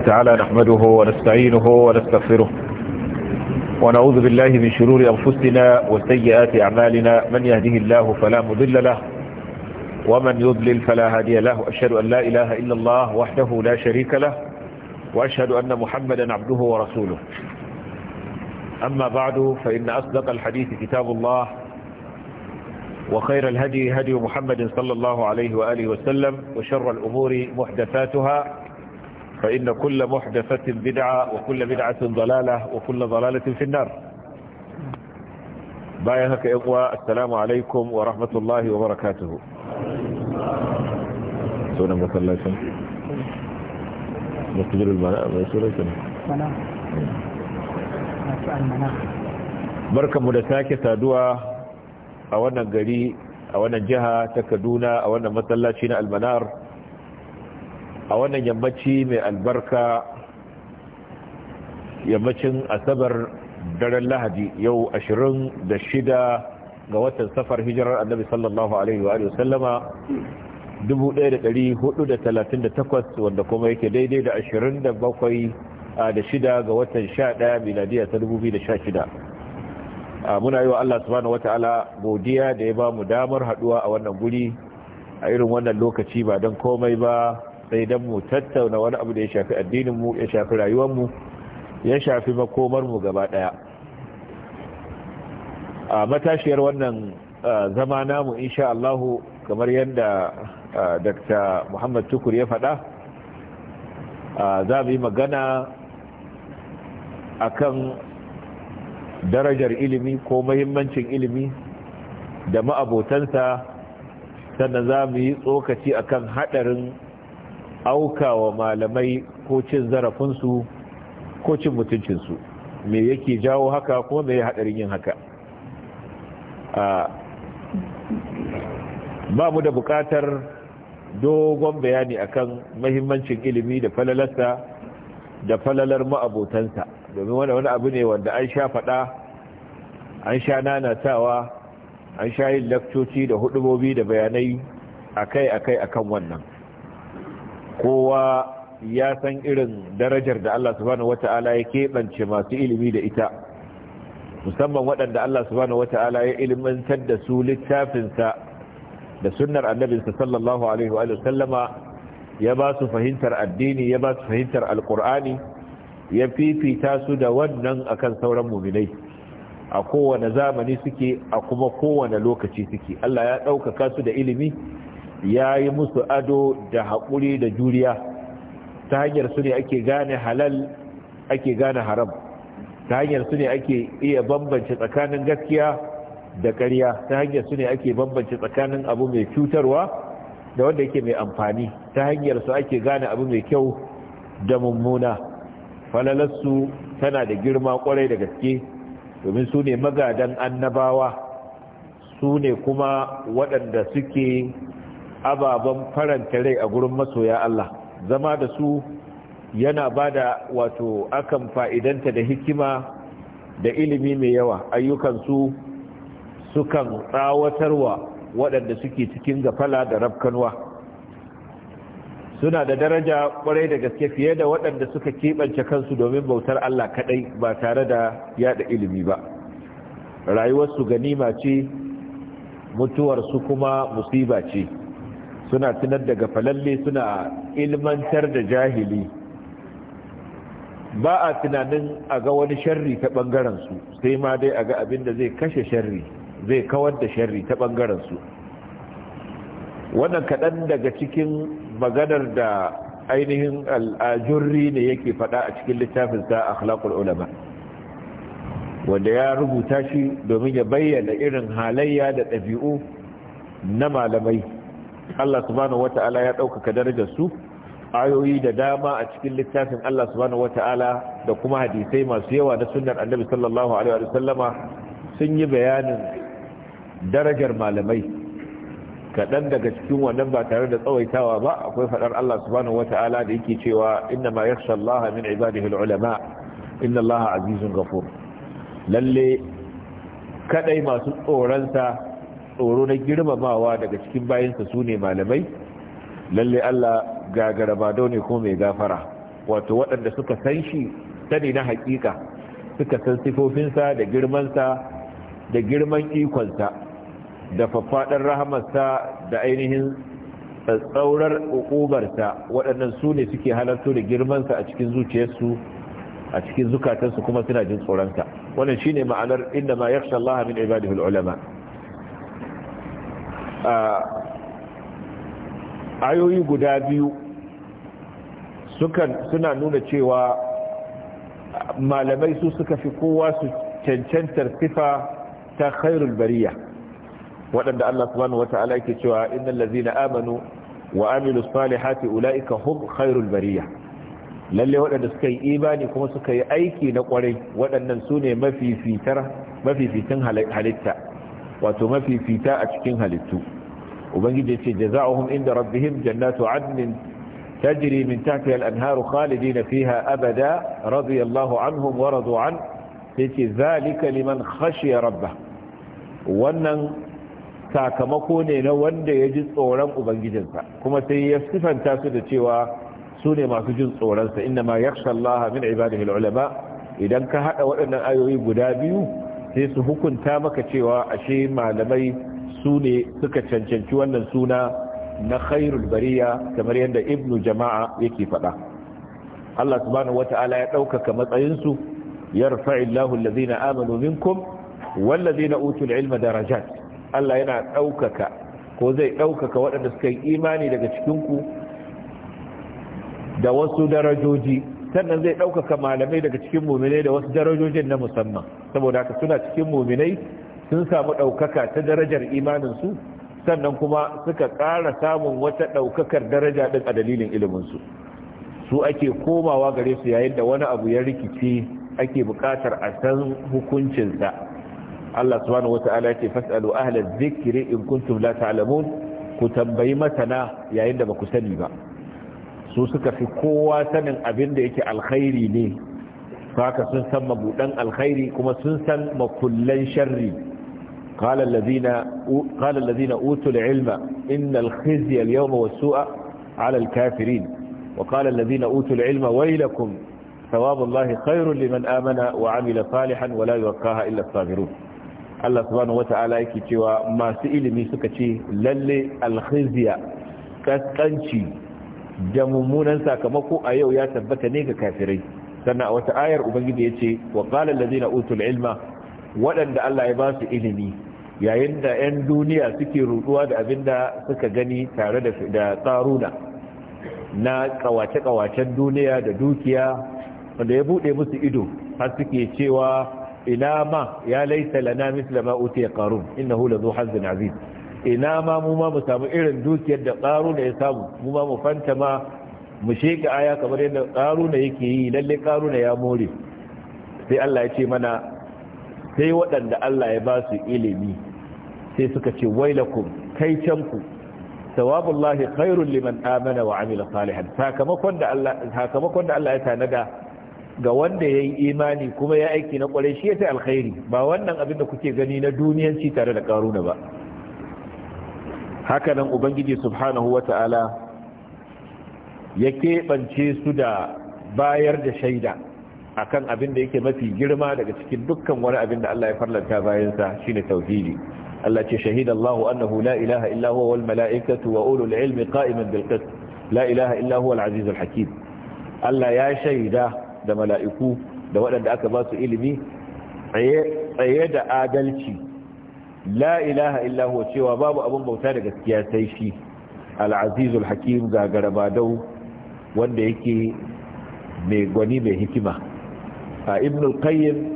تعالى نحمده ونستعينه ونستغفره ونعوذ بالله من شرور أنفسنا وسيئات أعمالنا من يهده الله فلا مضل له ومن يضلل فلا هادي له أشهد أن لا إله إلا الله وحده لا شريك له وأشهد أن محمدا عبده ورسوله أما بعد فإن أصدق الحديث كتاب الله وخير الهدي هدي محمد صلى الله عليه وآله وسلم وشر الأمور محدثاتها فإن كل محدثة بدعة وكل بدعة ضلالة وكل ضلالة في النار بايهك إقوى السلام عليكم ورحمة الله وبركاته سونا مسلسل مقدر المنام سونا barkan mu da sake saduwa a wannan gari a wannan jiha ta kaduna a wannan matsalaci na almanar a wannan yammaci mai albarka yammacin asabar daren lahadi yau 26 ga watan safar hijirar annabi sallallahu alaihi wa sallama 1438 wanda kuma yake daidai da 27 da shida ga watan 11 miladiya ta 2016 muna yi wa Allah subhanahu ta'ala godiya da ya ba mu damar haduwa a wannan guri a irin wannan lokaci ba don komai ba sai dan mu tattauna wani abu da ya shafi addinin mu ya shafi rayuwar mu ya shafi makomar mu gaba daya a matashiyar wannan zama namu insha Allah kamar yadda Dr. Muhammad Tukur ya fada za mu yi magana akan darajar ilimi ko mahimmancin ilimi da ma'abotansa sannan za mu yi tsokaci akan haɗarin auka wa malamai ko cin zarafinsu ko cin mutuncinsu me yake jawo haka kuma me ya haɗarin yin haka ba mu da buƙatar dogon bayani akan mahimmancin ilimi da falalarsa da falalar ma'abotansa domin wani wani abu ne wanda an sha faɗa an sha nanatawa an sha yin lakcoci da hudubobi da bayanai akai-akai akan wannan kowa ya san irin darajar da Allah subhanahu wata'ala ya keɓance masu ilimi da ita musamman waɗanda Allah subhanahu wata'ala ya ilimantar da su littafinsa da sunnar annabinsa sallallahu alaihi wa sallama ya ba su fahimtar addini ya ba su fahimtar alkur'ani ya fifita su da wannan akan sauran muminai a kowane zamani suke a kuma kowane lokaci suke Allah ya ɗaukaka su da ilimi ya yi musu ado da haƙuri da juriya ta hanyar su ne ake gane halal ake gane haram ta hanyar su ne ake iya bambance tsakanin gaskiya da ƙarya ta hanyar su ne ake bambance tsakanin abu mai cutarwa da wanda yake mai amfani ta hanyar su ake gane abu mai kyau da mummuna falalarsu tana da girma kwarai da gaske domin su ne magadan annabawa su ne kuma waɗanda suke ababen faranta rai a gurin masoya Allah zama da su yana ba da wato akan fa'idanta da hikima da ilimi mai yawa ayyukansu sukan tsawatarwa waɗanda suke cikin gafala da rafkanwa suna da daraja kwarai da gaske fiye da waɗanda suka keɓance kansu domin bautar Allah kaɗai ba tare da yada ilimi ba rayuwarsu ganima ce mutuwarsu kuma musiba ce suna tunar daga falalle suna ilmantar da jahili ba a tunanin a ga wani sharri ta su sai ma dai a ga abin da zai kashe sharri zai kawar da sharri ta ɓangarensu wannan kaɗan daga cikin maganar da ainihin al'ajurri ne yake faɗa a cikin littafin littafinsa akhlaqul ulama wanda ya rubuta shi domin ya bayyana irin halayya da ɗabi'u na malamai Allah subhanahu wata'ala ya ɗaukaka darajar su ayoyi da dama a cikin littafin Allah subhanahu wata'ala da kuma hadisai masu yawa na sunnar annabi sallallahu alaihi wa sallama sun yi bayanin darajar malamai kaɗan daga cikin wannan ba tare da tsawaitawa ba akwai faɗar Allah subhanahu wata'ala da yake cewa inna ma yakhsha Allah min ibadihi al-ulama inna Allah azizun ghafur lalle kadai masu tsoronsa tsoro na girmamawa daga cikin bayansa su ne malamai lalle Allah gagarabado ne ko mai gafara wato waɗanda suka san shi sani na hakika suka san sifofinsa da girmansa da girman ikonsa da faffaɗar rahamarsa da ainihin tsaurar ƙoƙobarsa waɗannan su ne suke halarto da girmansa a cikin zuciyarsu a cikin zukatansu kuma suna jin tsoronsa wannan shine ma'anar inda ma yakhsha Allah min ibadihi al-ulama ayoyi guda biyu suna nuna cewa malamai su suka fi kowa su cancantar sifa ta khairul bariya waɗanda Allah subhanahu wata'ala yake cewa innal ladzina amanu wa amilus salihati ulaika hum khairul bariya lalle waɗanda suka yi imani kuma suka yi aiki na ƙwarai waɗannan su ne mafifitar halitta wato mafi fita a cikin halittu ubangiji ce jaza'uhum inda rabbihim jannatu adnin tajri min tahtiha al-anharu khalidina fiha abada radiyallahu anhum wa radu an yace zalika liman khashiya rabbah wannan sakamako ne na wanda ya ji tsoron ubangijinsa kuma sai ya sifanta su da cewa su ne masu jin tsoronsa inna ma yakhsha Allah min ibadihi al-ulama idan ka hada waɗannan ayoyi guda biyu sai su hukunta maka cewa ashe malamai su ne suka cancanci wannan suna na khairul bariya kamar yadda ibnu jama'a yake faɗa Allah subhanahu wata'ala ya ɗaukaka matsayinsu yarfa'illahu allazina amanu minkum wallazina utul ilma darajat Allah yana ɗaukaka ko zai ɗaukaka waɗanda suka yi imani daga cikin ku da wasu darajoji sannan zai ɗaukaka malamai daga cikin muminai da wasu darajojin na musamman saboda haka suna cikin muminai sun samu ɗaukaka ta darajar imaninsu sannan kuma suka ƙara samun wata ɗaukakar daraja ɗin a dalilin iliminsu su ake komawa gare su yayin da wani abu ya rikici ake buƙatar a san hukuncinsa Allah subhanahu wata'ala ce fas'alu ahlaz zikri in kuntum la ta'lamun ku tambayi masana yayin da ba ku sani ba su suka fi kowa sanin abin da yake alkhairi ne kaka sun san mabudan alkhairi kuma sun san makullan sharri qala allazina qala allazina utul ilma innal khizya al yawma was su'a ala al kafirin wa qala allazina utul ilma waylakum ثواب الله خير لمن آمن وعمل صالحا ولا يوقاها إلا الصابرون Allah subhanahu wata'ala yake cewa masu ilimi suka ce lalle alkhizya kaskanci da mummunan sakamako a yau ya tabbata ne ga kafirai sannan a wata ayar ubangiji ya ce wa qala allazina utul ilma waɗanda Allah ya ba su ilimi yayin da 'yan duniya suke ruduwa da abinda da suka gani tare da tsaruna na kawace-kawacen duniya da dukiya wanda ya buɗe musu ido har suke cewa ina ma ya laisa lana misla ma utiya qarun innahu zo hazzin aziz ina ma mu ma mu samu irin dukiyar da karu da ya samu mu ma mu fanta ma mu sheka aya kamar yadda karu da yake yi lalle karu ya more sai Allah ya ce mana sai waɗanda Allah ya ba su ilimi sai suka ce wailakum kai can ku sawabullahi khairul liman amana wa amila salihan sakamakon da Allah sakamakon da Allah ya tanada ga wanda ya yi imani kuma ya aiki na kwarai shi ya ta alkhairi ba wannan abin da kuke gani na duniyanci tare da karuna ba hakanan ubangiji subhanahu wata'ala ya keɓance su da bayar da shaida akan abin da yake mafi girma daga cikin dukkan wani abin da Allah ya farlanta bayansa shine tauhidi Allah ce shahida Allah annahu la ilaha illa huwa wal mala'ikatu wa ulul ilmi qa'iman bil qist la ilaha illa huwa al aziz al hakim Allah ya shaida da mala'iku da waɗanda aka ba su ilimi tsaye da adalci la ilaha illa huwa cewa babu abin bauta da gaskiya sai shi al azizul hakim gagaraba dau wanda yake mai gwani mai hikima a ibn al-qayyim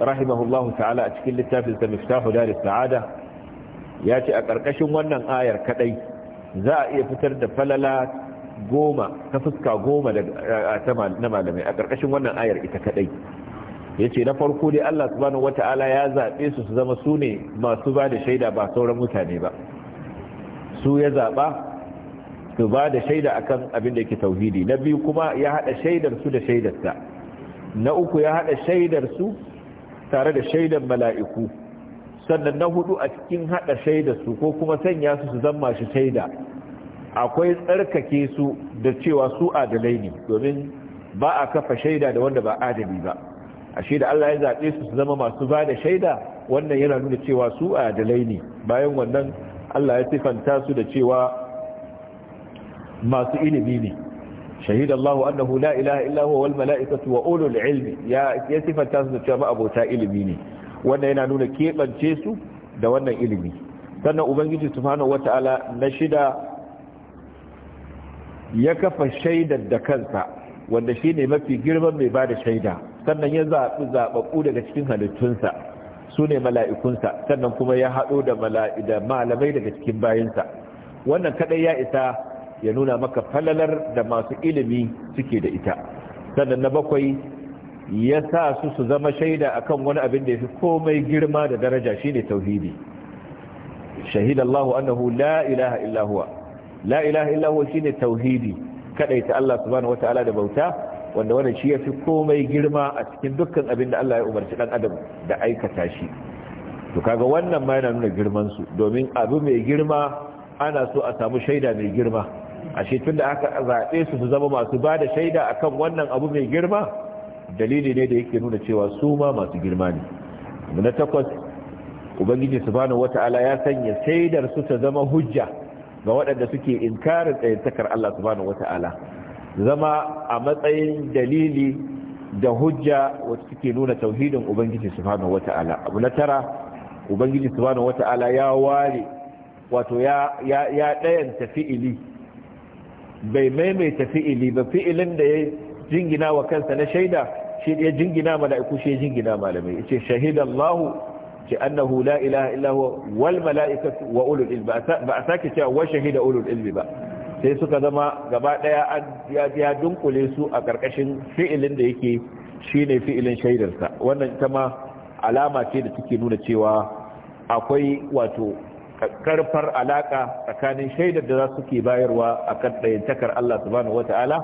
rahimahullahu ta'ala a cikin littafin sa miftahu dar saada ya ce a karkashin wannan ayar kadai za a iya fitar da falala goma ta fuska goma na malamai a karkashin wannan ayar ita kadai ya ce na farko dai Allah subhanahu ta'ala ya zaɓe su su zama su ne masu ba da shaida ba sauran mutane ba su ya zaɓa su ba da shaida akan abin da yake tauhidi na biyu kuma ya haɗa shaidar su da shaidarsa na uku ya haɗa shaidar su tare da shaidar mala'iku sannan na hudu a cikin haɗa shaidar su ko kuma sanya su su zama shi shaida akwai tsarkake su da cewa su adalai ne domin ba a kafa shaida da wanda ba adali ba ashe da Allah ya zaɓe su su zama masu ba da shaida wannan yana nuna cewa su adalai ne bayan wannan Allah ya sifanta su da cewa masu ilimi ne shahid Allah annahu la ilaha illa huwa wal mala'ikatu wa ulul ilmi ya ya sifanta su da cewa abota ilimi ne wannan yana nuna kebance su da wannan ilimi sannan ubangiji subhanahu wataala na shida ya kafa shaidar da kansa wanda shine mafi girman mai bada shaida sannan ya zaɓi zaɓaɓɓu daga cikin halittunsa su ne mala'ikunsa sannan kuma ya haɗo da malamai daga cikin bayansa wannan kaɗai ya isa ya nuna maka falalar da masu ilimi suke da ita sannan na bakwai ya sa su su zama shaida a kan wani abin da ya fi komai girma da daraja shine tauhidi shahid annahu la ilaha illahuwa la ilaha illahuwa shine tauhidi Allah subhanahu ta'ala da bauta wanda wannan shi ya fi komai girma a cikin dukkan abin da Allah ya umarci dan adam da aikata shi to kaga wannan ma yana nuna girman su domin abu mai girma ana so a samu shaida mai girma ashe da aka zaɓe su su zama masu bada shaida akan wannan abu mai girma dalili ne da yake nuna cewa su ma masu girma ne na takwas ubangiji subhanahu wata'ala ya sanya shaidar su ta zama hujja ga waɗanda suke inkarin ɗayantakar Allah subhanahu wata'ala zama a matsayin dalili da hujja wacce suke nuna tauhidin ubangiji subhanahu wata'ala abu na tara ubangiji subhanahu wata'ala ya ware wato ya ya ya dayanta fi'ili bai maimaita fi'ili ba fi'ilin da ya jingina wa kansa na shaida shi ya jingina mala'iku shi ya jingina malamai yace shahidallahu ce annahu la ilaha illa huwa wal mala'ikatu wa ulul ilmi ba sake cewa wa shahida ulul ilmi ba sai suka zama gaba daya ya dunkule su a karkashin fi'ilin da yake shine fi'ilin shaidarsa wannan ita ma alama ce da take nuna cewa akwai wato karfar alaka tsakanin shaidar da za su ke bayarwa a kan ɗayantakar Allah subhanahu wata'ala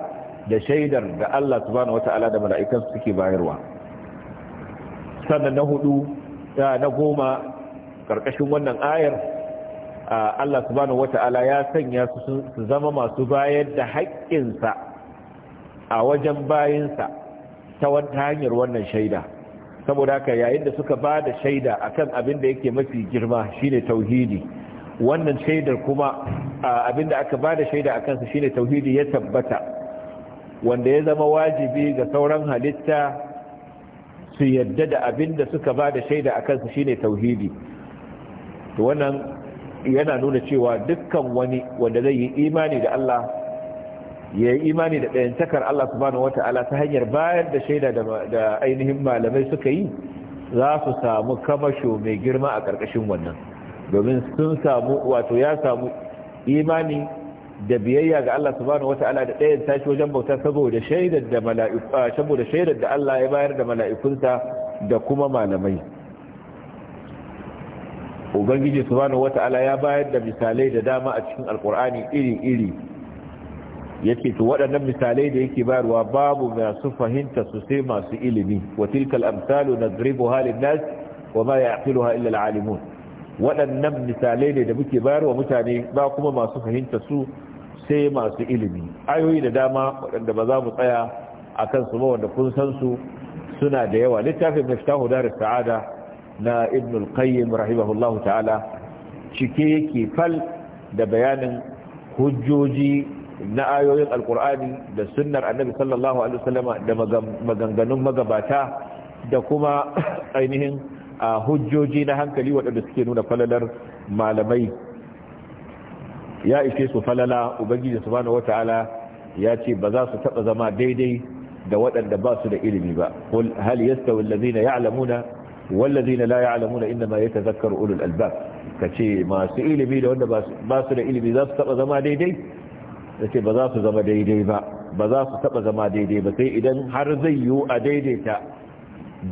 da shaidar da Allah subhanahu wata'ala da su ke bayarwa sannan na hudu na goma karkashin wannan ayar Allah subhanahu wata'ala ya sanya su zama masu bayar da haƙƙinsa a wajen bayinsa ta wata hanyar wannan shaida saboda haka yayin da suka ba da shaida akan abin da yake mafi girma shine tauhidi wannan shaidar kuma abin da aka ba da shaida akan su shine tauhidi ya tabbata wanda ya zama wajibi ga sauran halitta su yadda da abin da suka ba da shaida akan su shine tauhidi wannan yana nuna cewa dukkan wani wanda zai yi imani da Allah ya yi imani da ɗayantakar Allah subhanahu wata'ala ta hanyar bayar da shaida da ainihin malamai suka yi za su samu kamasho mai girma a ƙarƙashin wannan domin sun samu wato ya samu imani da biyayya ga Allah subhanahu wata'ala da ɗayan tashi wajen bauta saboda shaidar da Allah ya bayar da mala'ikunta da kuma malamai ubangiji subhanahu wata'ala ya bayar da misalai da dama a cikin alkur'ani iri-iri yake to waɗannan misalai da yake bayarwa babu masu fahimta su sai masu ilimi wa tilkal amsalu nadribu halin nas wa ma ya'qiluha illa waɗannan misalai ne da muke bayarwa mutane ba kuma masu fahimta su sai masu ilimi ayoyi da dama waɗanda ba za mu tsaya kan su ba wanda kun san su suna da yawa littafin miftahu darus sa'ada na ibn al-qayyim rahimahullahu ta'ala cike yake fal da bayanin hujjoji na ayoyin alkur'ani da sunnar annabi sallallahu alaihi da maganganun magabata da kuma ainihin hujjoji na hankali waɗanda suke nuna falalar malamai ya ishe su falala ubangiji subhanahu wata'ala ya ce ba za su taɓa zama daidai da waɗanda ba su da ilimi ba hal yastawi allazina ya'lamuna wallazi na laye alamuna inda ma ya ta zakar ulul albas ka ce masu ilimi da wanda ba su da ilimi za su taba zama daidai ba za su zama daidai ba ba za su taba zama daidai ba sai idan har zai yi a daidaita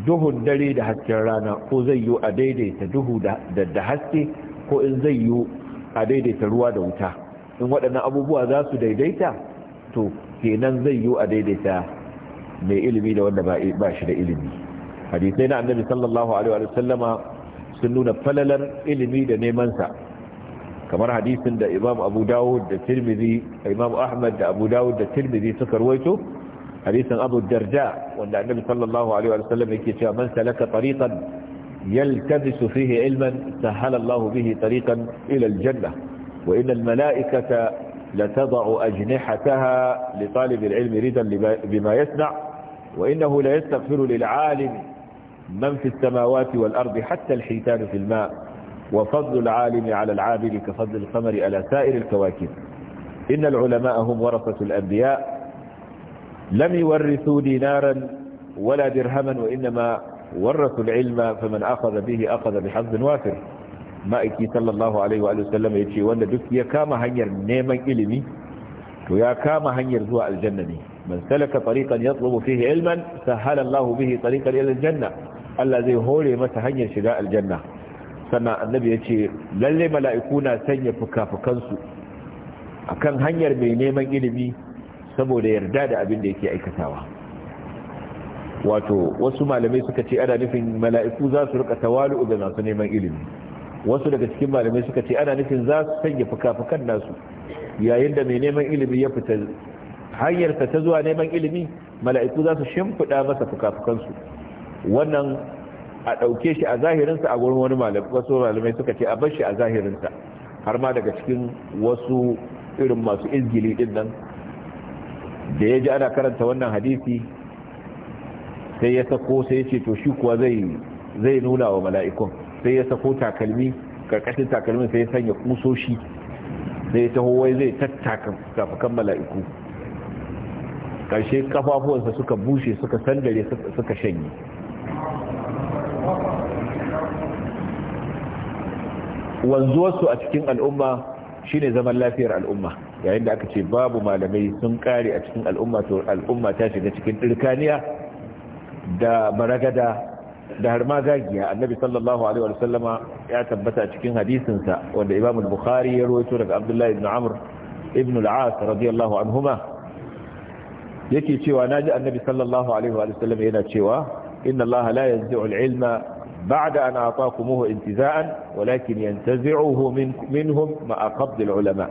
duhun dare da hasken rana ko zai yi a daidaita duhu da haske ko in zai yi a daidaita ruwa da wuta in waɗannan abubuwa za su daidaita to kenan zai yi a daidaita mai ilimi da wanda ba shi da ilimi hadisai na annabi sallallahu alaihi wa sallama sun nuna falalar ilimi da neman sa kamar hadisin da imam abu dawud da tirmidhi imam ahmad da abu dawud da tirmidhi suka rawaito hadisin abu darda wanda annabi sallallahu alaihi wa sallam yake cewa man salaka tariqan yaltabisu fihi ilman sahala Allah bihi tariqan ila aljanna wa inna almalaikata latad'u ajnihataha li talib alilm ridan bima yasna wa innahu la yastaghfiru lil alim من في السماوات والأرض حتى الحيتان في الماء وفضل العالم على العابد كفضل القمر على سائر الكواكب إن العلماء هم ورثة الأنبياء لم يورثوا دينارا ولا درهما وإنما ورثوا العلم فمن أخذ به أخذ بحظ وافر ما إكي صلى الله عليه وآله وسلم يتشي وأن يا يكام هنير نيما إلمي ويكام هنير زواء الجنة من سلك طريقا يطلب فيه علما سهل الله به طريقا إلى الجنة Allah zai hore masa hanyar shiga aljanna sannan annabi ya ce lalle mala'iku na sanya fuka-fukansu a kan hanyar mai neman ilimi saboda yarda da abin da yake aikatawa wato wasu malamai suka ce ana nufin mala'iku za su rika tawalu da masu neman ilimi wasu daga cikin malamai suka ce ana nufin za su sanya fuka-fukan nasu yayin da mai neman ilimi ya fita hanyarsa ta zuwa neman ilimi mala'iku za su shimfiɗa masa fuka-fukansu wannan a ɗauke shi a zahirinsa a gurin wani wasu malamai suka ce a bar shi a zahirinsa har ma daga cikin wasu irin masu izgili ɗin nan da ya ji ana karanta wannan hadisi sai ya sako sai ya ce to shi kuwa zai nuna wa mala'ikun sai ya sako takalmi karkashin takalmin sai ya sanya kusoshi sai ya taho wai zai tattaka kafakan mala'iku ƙarshe kafafuwansa suka bushe suka sandare suka shanye wanzuwarsu a cikin al'umma shine zaman lafiyar al'umma yayin da aka ce babu malamai sun kare a cikin al'umma to al'umma ta shiga cikin dirkaniya da maragada da har magagiya annabi sallallahu alaihi wa sallama ya tabbata a cikin sa wanda imam al-bukhari ya rawaito daga abdullahi ibn amr ibn al-as radiyallahu anhuma yake cewa naji annabi sallallahu alaihi wa sallam yana cewa inna allaha la yanzi'u al-ilma بعد أن أعطاكموه انتزاعا ولكن ينتزعه من منهم مع قبض العلماء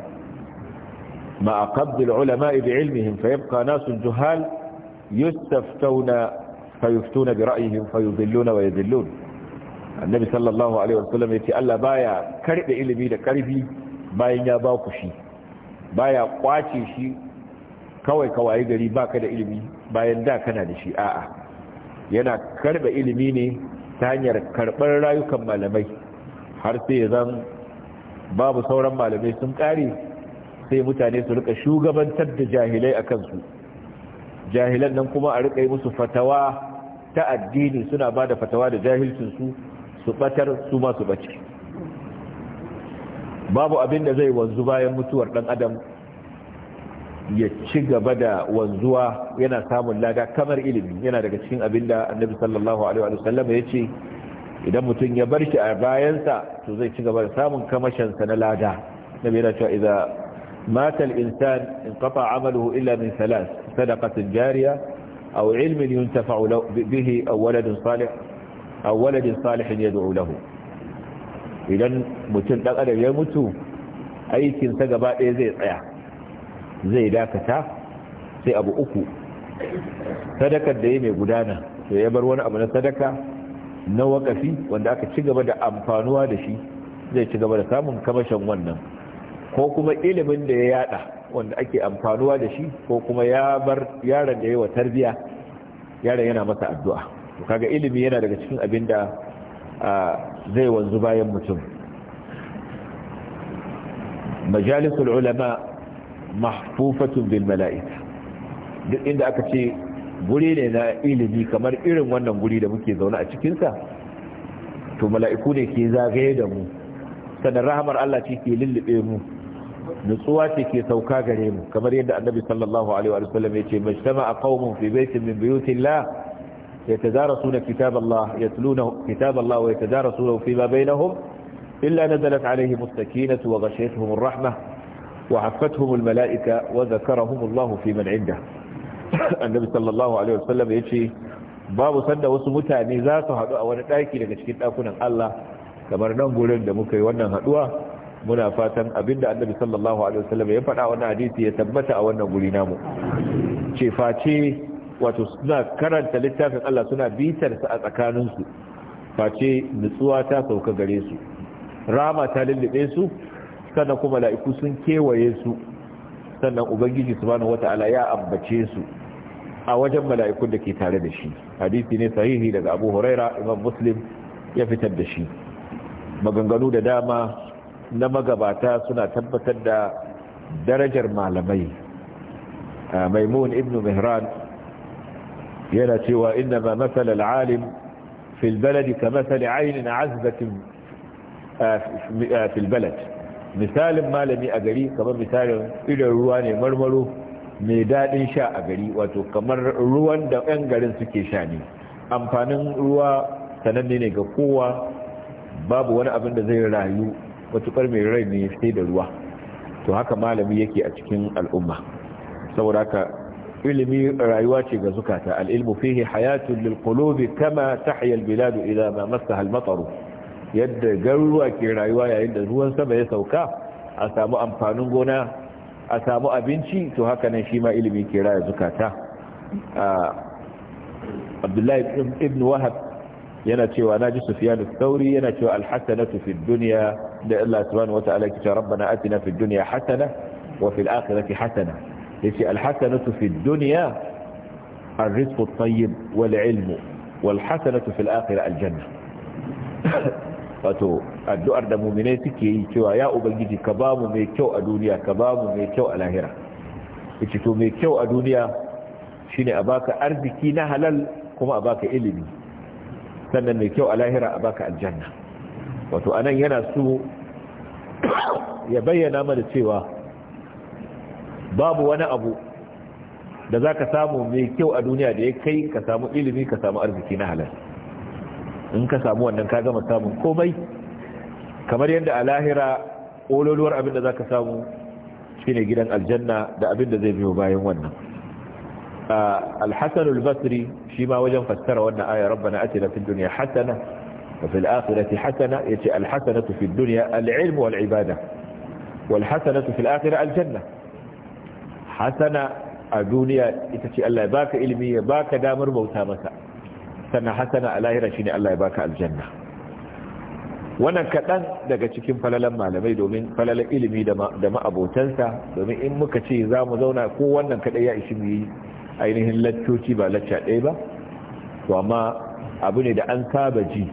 مع قبض العلماء بعلمهم فيبقى ناس جهال يستفتون فيفتون برأيهم فيضلون ويذلون النبي صلى الله عليه وسلم يتي ألا بايا كرب إلمي لكربي باين يباوك شي بايا قواتي شي كوي كوي قريبا كده إلمي باين دا كان هذا شيء آآ yana karba ilimi ne ta hanyar karɓar rayukan malamai har sai zan babu sauran malamai sun ƙare sai mutane su rika shugabantar da jahilai a kansu jahilan nan kuma a rika yi musu fatawa ta addini suna ba da fatawa da jahilcinsu su batar su masu bace babu abin da zai wanzu bayan mutuwar ɗan adam ya ci gaba da wanzuwa yana samun lada kamar ilimi yana daga cikin abin da annabi sallallahu alaihi wa sallam ya ce idan mutum ya bar shi a bayansa to zai ci gaba da samun kamashinsa na lada nabi yana cewa idza mata al-insan inqata amaluhu illa min salas sadaqatin jariya aw ilmin yuntafa'u bihi aw waladin salih aw waladin salih yad'u lahu idan mutum dan adam ya mutu aikinsa gaba ɗaya zai tsaya zai dakata sai abu uku sadakar da ya mai gudana to ya bar wani abu na sadaka na wakafi wanda aka ci gaba da amfanuwa da shi zai ci gaba da samun kamashin wannan ko kuma ilimin da ya yada wanda ake amfanuwa da shi ko kuma ya bar yaron da ya wa tarbiya yaron yana masa addu'a to kaga ilimi yana daga cikin abin da zai wanzu bayan mutum majalisul ulama mahfufatun bil mala'ika duk inda aka ce guri ne na ilimi kamar irin wannan guri da muke zaune a cikinsa to mala'iku ne ke zagaye da mu sannan rahamar Allah ce ke lullube mu nutsuwa ce ke sauka gare mu kamar yadda annabi sallallahu alaihi wa sallam ya ce majtama'a qaumun fi baitin min buyutillah yatadarasuna kitaballah yatluna kitaballah wa yatadarasuna fi ma bainahum illa nazalat alaihim as-sakinatu wa ghashiyatuhum ar وحفتهم الملائكة وذكرهم الله في من عنده النبي صلى الله عليه وسلم يشي babu sanda wasu mutane za su haɗu a wani ɗaki daga cikin ɗakunan Allah kamar nan gurin da muka yi wannan haduwa muna fatan abinda annabi sallallahu alaihi wasallam ya faɗa wannan hadisi ya tabbata a wannan guri namu face wato suna karanta littafin Allah suna bitar sa a tsakaninsu face nutsuwa ta sauka gare su rama ta lullube su sannan kuma mala'iku sun kewaye su sannan ubangiji su wata ala ya ambace su a wajen mala'ikun da ke tare da shi hadisi ne sahihi daga Abu Huraira Imam Muslim ya fitar da shi maganganu da dama na magabata suna tabbatar da darajar malamai maimun ibn mihran yana cewa inna ma masal al'alim fi albalad ka masal ainin azbatin fi albalad misalin malami a gari kamar misalin idan ruwa ne marmaro mai daɗin sha a gari wato kamar ruwan da 'yan garin suke sha ne amfanin ruwa sananne ne ga kowa babu wani abin da zai rayu matuƙar mai rai ne sai da ruwa to haka malami yake a cikin al'umma saboda haka ilimi rayuwa ce ga zukata al'ilmu fihi hayatun lil qulubi kama tahya al bilad idha ma massaha al mataru yadda garuruwa ke rayuwa yayin da ruwan sama ya sauka a samu amfanin gona a samu abinci to haka nan shi ma ilimi ke raya zukata abdullahi ibn wahab yana cewa na ji al sauri yana cewa al-hasanatu fi duniya da Allah subhanahu wa ta'ala kita rabbana atina fi duniya hasana wa fil akhirati hasana yace al fi duniya ar-rizqu at-tayyib wal-ilmu wal-hasanatu fil akhirati wato addu'ar da muminai suke yi cewa ya ubangiji ka ba mu mai kyau a duniya ka ba mu mai kyau a lahira yace to mai kyau a duniya shine a baka arziki na halal kuma a baka ilimi sannan mai kyau a lahira a baka aljanna wato anan yana so ya bayyana mana cewa babu wani abu da zaka samu mai kyau a duniya da ya kai ka samu ilimi ka samu arziki na halal in ka samu wannan ka gama samun komai kamar yadda a lahira ƙololuwar abinda za ka samu shi ne gidan aljanna da abinda da zai biyo bayan wannan alhassan albasri shi ma wajen fassara wannan aya rabbana atina fid duniya hasana wa fil akhirati hasana yace alhasanatu fid dunya alilm wal ibada wal hasanatu fil akhirati aljanna hasana a duniya ita ce Allah ya baka ilimi ya baka damar bauta masa sannan hasana a lahira shine Allah ya baka aljanna wannan kadan daga cikin falalan malamai domin falalan ilimi da ma'abotansa domin in muka ce za mu zauna ko wannan kaɗai ya ishi mu yi ainihin lattoci ba lacca ɗaya ba to amma abu ne da an saba ji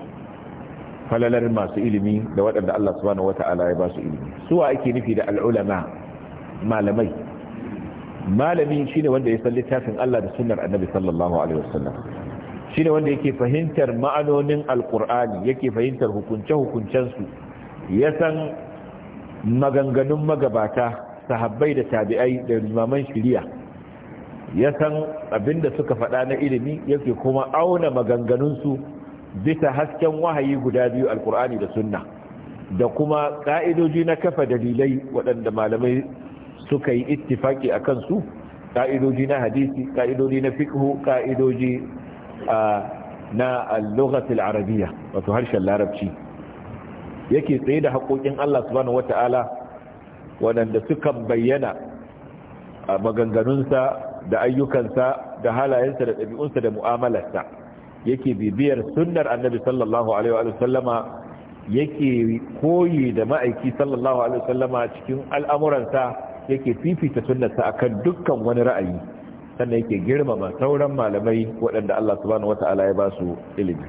falalar masu ilimi da waɗanda Allah subhanahu wata'ala ya ba su ilimi suwa ake nufi da al'ulama malamai malami shine wanda ya san littafin Allah da sunnar annabi sallallahu alaihi wasallam shine wanda yake fahimtar ma'anonin alkur'ani yake fahimtar hukunce-hukuncensu ya san maganganun magabata sahabbai da tabi'ai da limaman shiriya ya san abinda suka faɗa na ilimi yake kuma auna maganganunsu bisa hasken wahayi guda biyu alkur'ani da sunna da kuma ƙa'idoji na kafa dalilai waɗanda malamai suka yi ittifaki a kansu ƙa'idoji na hadisi ƙa'idoji na fikhu ƙa'idoji na al-lughatil arabiyya wato harshen larabci yake tsaye da haƙoƙin Allah subhanahu wata'ala waɗanda suka bayyana maganganunsa da ayyukansa da halayensa da ɗabi'unsa da mu'amalarsa yake bibiyar sunnar annabi sallallahu alaihi wa sallama yake koyi da ma'aiki sallallahu alaihi wa sallama cikin al'amuransa yake fifita sunnarsa akan dukkan wani ra'ayi sannan yake girmama sauran malamai waɗanda Allah subhanahu wata'ala ya ba su ilimi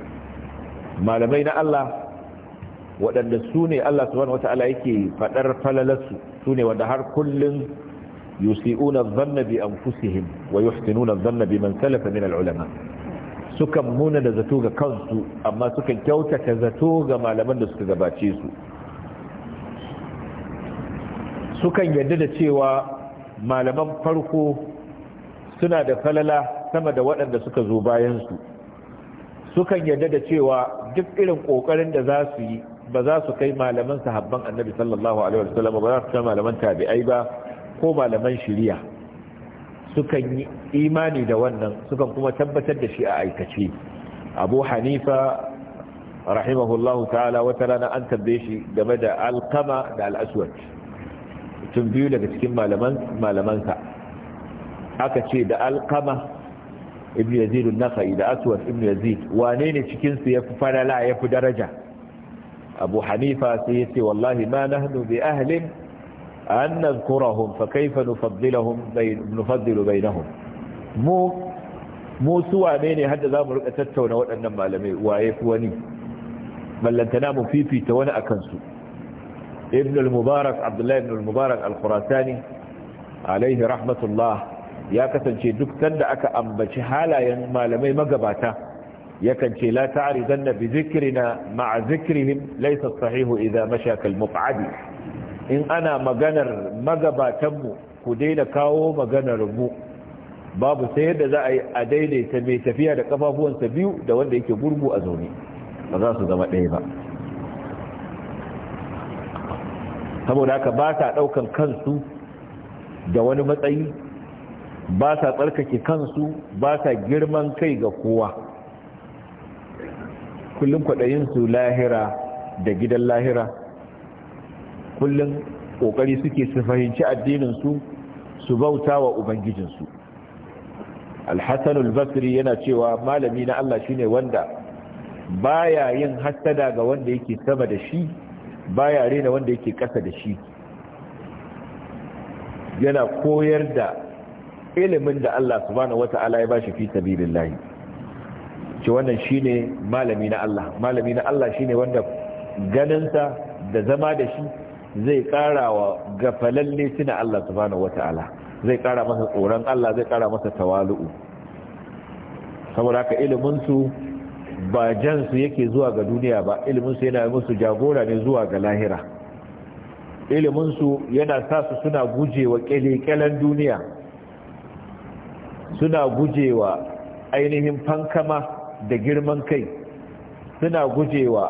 malamai na Allah waɗanda su ne Allah subhanahu wata'ala yake faɗar falalarsu su ne wanda har kullum yusi'una dhanna bi anfusihim wa yuhsinuna dhanna bi man salafa min al-ulama sukan muna da zato ga kansu amma sukan kyautata zato ga malaman da suka gabace su sukan yadda da cewa malaman farko suna da falala sama da waɗanda suka zo bayansu sukan yarda da cewa duk irin ƙoƙarin da za su yi ba za su kai malaman sahabban annabi sallallahu alaihi wasallam ba za su kai malaman tabi'ai ba ko malaman shiriya sukan yi imani da wannan sukan kuma tabbatar da shi a aikace abu hanifa rahimahullahu ta'ala wata rana an tambaye shi game da alkama da al'aswad tun biyu daga cikin malamansa aka ce da alkama ibn yazid an-nakhai da aswad ibn yazid wane ne cikin su yafi farala yafi daraja abu hanifa sai yace wallahi ma nahnu bi ahlin an nadhkurahum fa kayfa nufaddilahum nufaddilu bainahum mu mu su wane ne hadda zamu rika tattauna waɗannan malamai waye fi wani ballantana mu fifita wani akan su ibn al-mubarak abdullahi ibn al-mubarak al-khurasani alayhi rahmatullah ya kasance duk sanda aka ambaci halayen malamai magabata yakan ce la ta'ridanna bi zikrina ma'a zikrihim laysa sahihu idza masha kal mub'adi in ana maganar magabatanmu ku daina kawo maganar mu babu sai da za a yi a daidaita mai tafiya da kafafuwansa biyu da wanda yake gurgu a zaune ba za su zama ɗaya ba saboda haka ba ta ɗaukan kansu da wani matsayi ba sa tsarkake kansu ba sa girman kai ga kowa kullum su lahira da gidan lahira kullum ƙoƙari suke su fahimci addininsu su bauta wa ubangijinsu alhassanul basri yana cewa malami na Allah shine wanda baya yin hassada ga wanda yake sama da shi baya rena wanda yake ƙasa da shi yana koyar da ilimin da Allah subhanahu ta'ala ya bashi fi sabilillah ce wannan shine malami na Allah malami na Allah shine wanda ganinsa da zama da shi zai karawa gafalalle suna Allah subhanahu ta'ala zai kara masa tsoron Allah zai kara masa tawalu'u saboda haka ilimin ba jan su yake zuwa ga duniya ba iliminsu su yana musu jagora ne zuwa ga lahira ilimin su yana sa su suna gujewa kyalekyalen duniya suna gujewa ainihin fankama da girman kai suna gujewa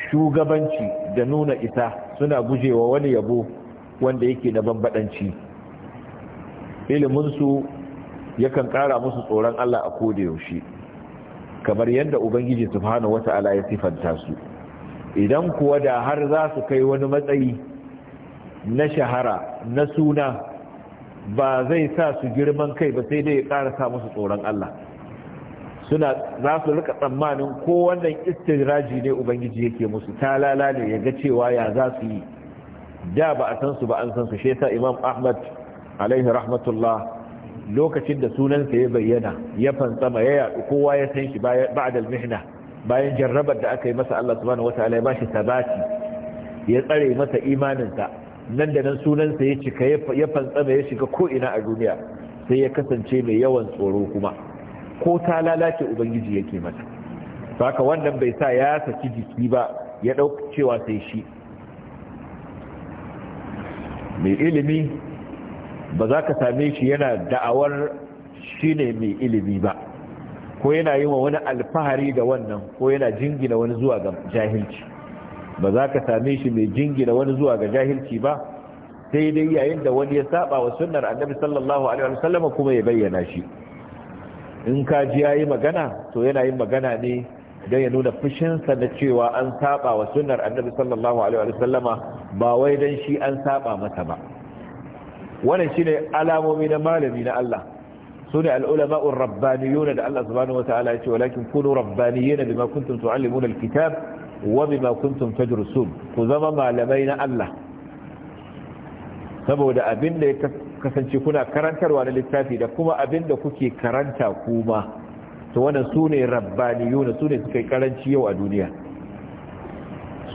shugabanci da nuna isa suna gujewa wani yabo wanda yake na bambadanci iliminsu yakan kara musu tsoron Allah a koda yaushe kamar yadda ubangiji subhanahu wata'ala ya sifanta su idan kuwa da har za su kai wani matsayi na shahara na suna ba zai sa su girman kai ba sai dai ya ƙara sa musu tsoron Allah suna za su rika tsammanin ko wannan istiraji ne ubangiji yake musu ta lalale ya ga cewa ya za su yi da ba a san su ba an san su sheta imam ahmad alaihi rahmatullah lokacin da sunansa ya bayyana ya fantsama ya yaɗu kowa ya san shi ba'dal mihna bayan jarrabar da aka yi masa Allah subhanahu wataala ya bashi sabati ya tsare masa imaninsa nan da nan sunansa ya cika ya fantsama ya shiga ko'ina a duniya sai ya kasance mai yawan tsoro kuma ko ta lalace ubangiji yake mata saka wannan bai sa ya saki jiki ba ya ɗauka cewa sai shi mai ilimi ba za ka same shi yana da'awar shi ne mai ilimi ba ko yana yi wa wani alfahari da wannan ko yana jingina wani zuwa ga jahilci ba za ka same shi mai jingina wani zuwa ga jahilci ba sai dai yayin da wani ya saba wa sunnar annabi sallallahu alaihi wasallam kuma ya bayyana shi in ka ji yayi magana to yana yin magana ne dan ya nuna fushinsa na cewa an saba wa sunnar annabi sallallahu alaihi wasallama ba wai dan shi an saba masa ba wannan shine alamomi na malami na Allah sune al-ulama ar-rabbaniyuna da Allah subhanahu wataala ya ce walakin kunu rabbaniyina bima kuntum tu'allimuna al-kitab wa bima kuntum ku zama malamai na Allah saboda abin da ya kasance kuna karantarwa na littafi da kuma abin da kuke karanta kuma to wannan sune su ne suka yi karanci yau a duniya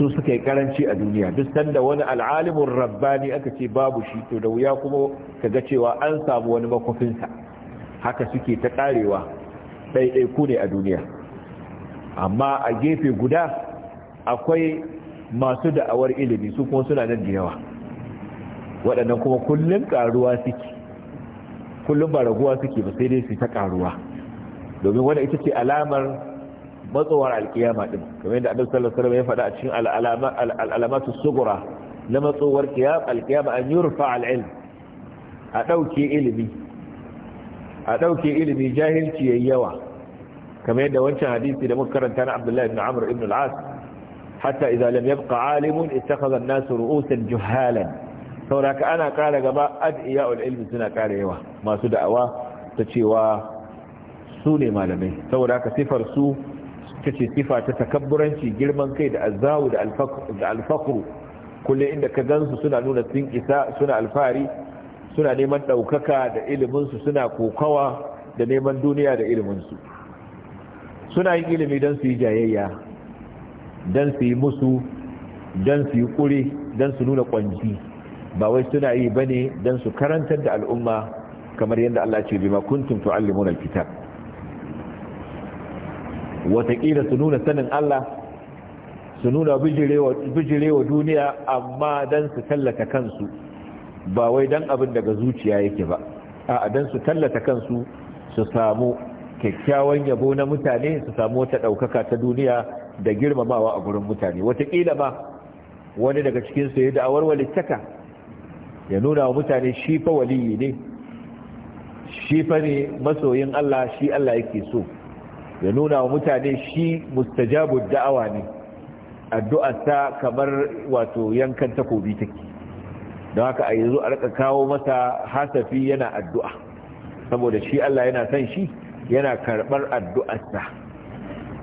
su suka yi karanci a duniya duk sanda wani al'alimin rabbani aka ce babu shi to da wuya kuma ka ga cewa an samu wani makofinsa haka suke ta karewa ɗaiɗaiku ne a duniya amma a gefe guda akwai masu da'awar ilimi su kuma suna nan da yawa waɗannan kuma kullum karuwa suke kullum ba raguwa suke ba sai dai su ta karuwa domin wanda ita ce alamar matsowar alkiyama din kamar yadda annabi sallallahu alaihi wasallam ya faɗa a cikin al'alamatu sughra na matsowar alkiyama an yurfa al'ilm a ɗauke ilimi a ɗauke ilimi jahilci yayi yawa kamar yadda wancan hadisi da muka karanta na Abdullahi ibn amur ibn al-As hatta idza lam yabqa alimun ittakhadha an-nasu ru'usan juhalan sauraka ana kara gaba ad'iya'ul ilmi suna ƙara yawa masu da'awa ta cewa su ne malamai saboda haka sifar su ta ce sifa ta takabburanci girman kai da azawu da alfakru kullum inda ka gansu suna nuna sun isa suna alfahari suna neman ɗaukaka da iliminsu suna kokawa da neman duniya da iliminsu suna yin ilimi don su yi jayayya don su yi musu don su yi ƙuri don su nuna ƙwanji ba wai suna yi ba ne don su karantar da al'umma kamar yadda Allah ce bima kuntum tu'allimun alkitab wataƙila su nuna sanin Allah su nuna bijirewa duniya amma don su tallata kansu ba wai dan abin daga zuciya yake ba a dan su tallata kansu su samu kyakkyawan yabo na mutane su samu wata ɗaukaka ta duniya da girmamawa a gurin mutane wataƙila ba wani daga cikin su da da'awar walittaka ya nuna wa mutane shi fa waliyi ne shi fa ne masoyin Allah shi Allah yake so ya nuna wa mutane shi mustajabu da'awa ne addu'arsa kamar wato yankan takobi take don haka a yanzu a raka kawo masa hasafi yana addu'a saboda shi Allah yana son shi yana karɓar addu'arsa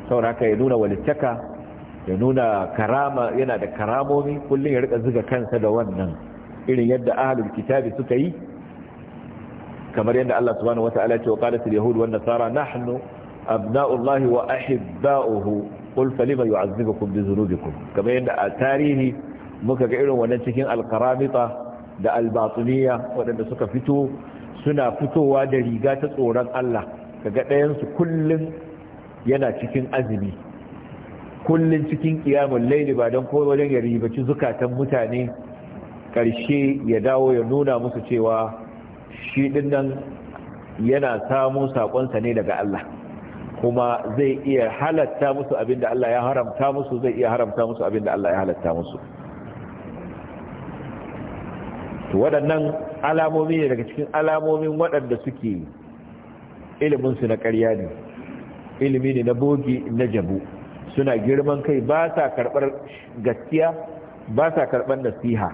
saboda haka ya nuna walittaka ya nuna karama yana da karamomi kullum ya rika ziga kansa da wannan irin yadda ahlul kitabi suka yi kamar yadda Allah subhanahu wata'ala ya ce wa qalatul yahud wan nasara nahnu abna'ullahi wa ahibba'uhu qul falima yu'azzibukum bi dhunubikum kamar yadda a tarihi muka ga irin wannan cikin alkaramita da albatuniya waɗanda suka fito suna fitowa da riga ta tsoron Allah kaga ɗayansu kullum yana cikin azumi kullum cikin kiyamun laili ba don kowa wajen ya ribaci zukatan mutane ƙarshe ya dawo ya nuna musu cewa shi dinnan yana samun saƙonsa ne daga Allah kuma zai iya halatta musu da Allah ya haramta musu zai iya haramta musu abinda Allah ya halatta musu to waɗannan alamomi ne daga cikin alamomin waɗanda suke iliminsu na ƙarya ne ilimi ne na bogi na jabu suna girman kai ba sa karɓar gaskiya ba sa karɓar nasiha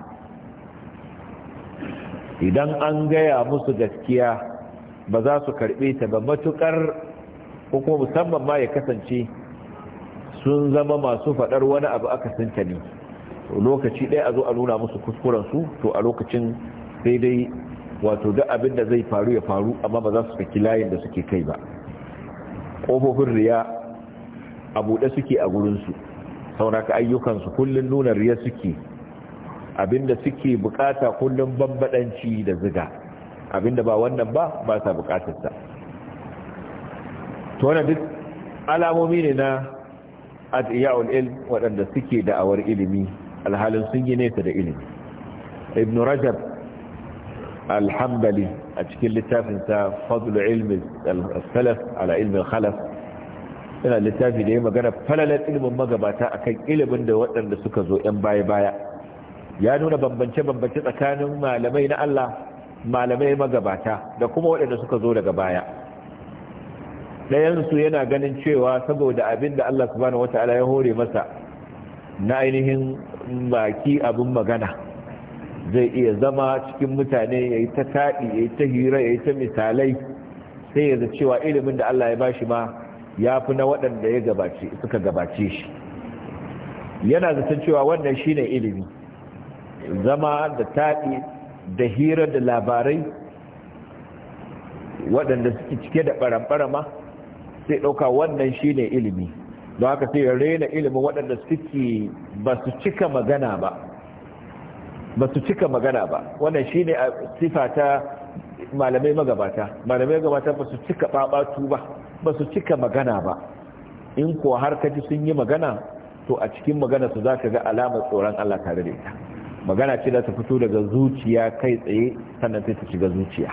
idan an gaya musu gaskiya ba za su karɓe ta ba matuƙar ko kuma musamman ma ya kasance sun zama masu faɗar wani abu aka sun ne lokaci ɗaya a zo a nuna musu kuskurensu to a lokacin daidai dai wato duk abin da zai faru ya faru amma ba za su faki layin da suke kai ba ƙofofin riya a buɗe suke a gurinsu sauraka ayyukansu kullum nuna riya suke abinda suke bukata kullum bambadanci da ziga abinda ba wannan ba ba sa bukatarsa to wannan duk alamomi ne na adiya'ul ilm waɗanda suke da'awar ilimi alhalin sun yi nesa da ilimi ibn rajab alhambali a cikin littafinsa fadlu ilmi salaf ala ilmin khalaf yana littafi da ya magana falalar ilimin magabata kan ilimin da waɗanda suka zo 'yan baya-baya ya nuna bambance-bambance tsakanin malamai na Allah malamai magabata da kuma waɗanda suka zo daga baya ɗayansu yana ganin cewa saboda abin da Allah subhanahu wata'ala ya hore masa na ainihin baki abin magana zai iya zama cikin mutane ya yi ta taɗi ya yi ta hira ya yi ta misalai sai ya cewa ilimin da Allah ya bashi ma ya fi na waɗanda ya gabace suka gabace shi yana zaton cewa wannan shine ilimi zama da taɗi da hira da labarai waɗanda suke cike da ɓaramɓarama sai ɗauka wannan shine ilimi don haka sai raina ilimin waɗanda suke ba su cika magana ba ba su cika magana ba wannan shi ne a sifata malamai magabata malamai magabata ba su cika ɓaɓatu ba ba su cika magana ba in ko har kaji sun yi magana to a cikin magana su za ka ga alamar tsoron allah tare da ita magana ce za ta fito daga zuciya kai tsaye sannan sai ta shiga zuciya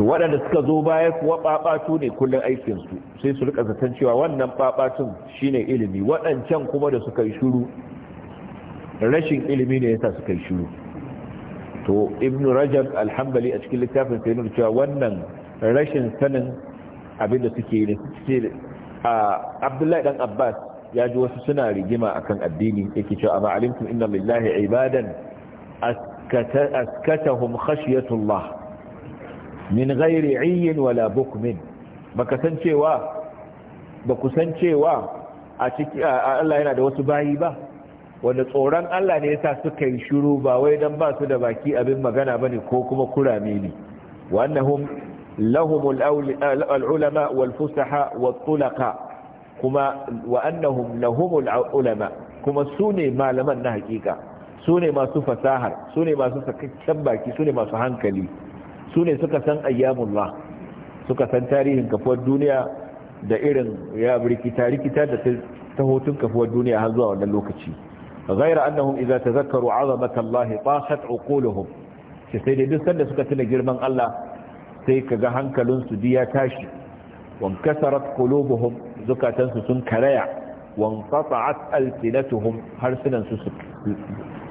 to waɗanda suka zo baya kuwa ɓaɓatu ne kullum aikinsu sai su rika zaton cewa wannan ɓaɓatun shine ilimi waɗancan kuma da suka yi shuru rashin ilimi ne yasa suka yi shuru to ibn rajab alhambali a cikin littafin sai nuna cewa wannan rashin sanin abin da suke yi ne abdullahi dan abbas ya ji wasu suna rigima akan addini yake cewa amma alimtum inna lillahi ibadan askatahum khashiyatullah min ghairi ayyin wala bukmin baka san cewa ba ku san cewa a ciki Allah yana da wasu bayi ba wanda tsoron Allah ne yasa suka yi shiru ba wai dan ba su da baki abin magana bane ko kuma kurame ne wa annahum lahum al-ulama wal fusaha wat tulaqa kuma wa annahum lahum al-ulama kuma malaman na hakika ne masu fasahar ne masu sakakken baki sune masu hankali su ne suka san ayyamullah suka san tarihin kafuwar duniya da irin ya rikita rikita da ta kafuwar duniya har zuwa wannan lokaci ghaira annahum idza tazakkaru azamata Allah tashat uquluhum sai dai duk sanda suka tuna girman Allah sai kaga hankalin su ya tashi wankasarat qulubuhum zukatansu sun karaya wanqata'at alsinatuhum harsunan su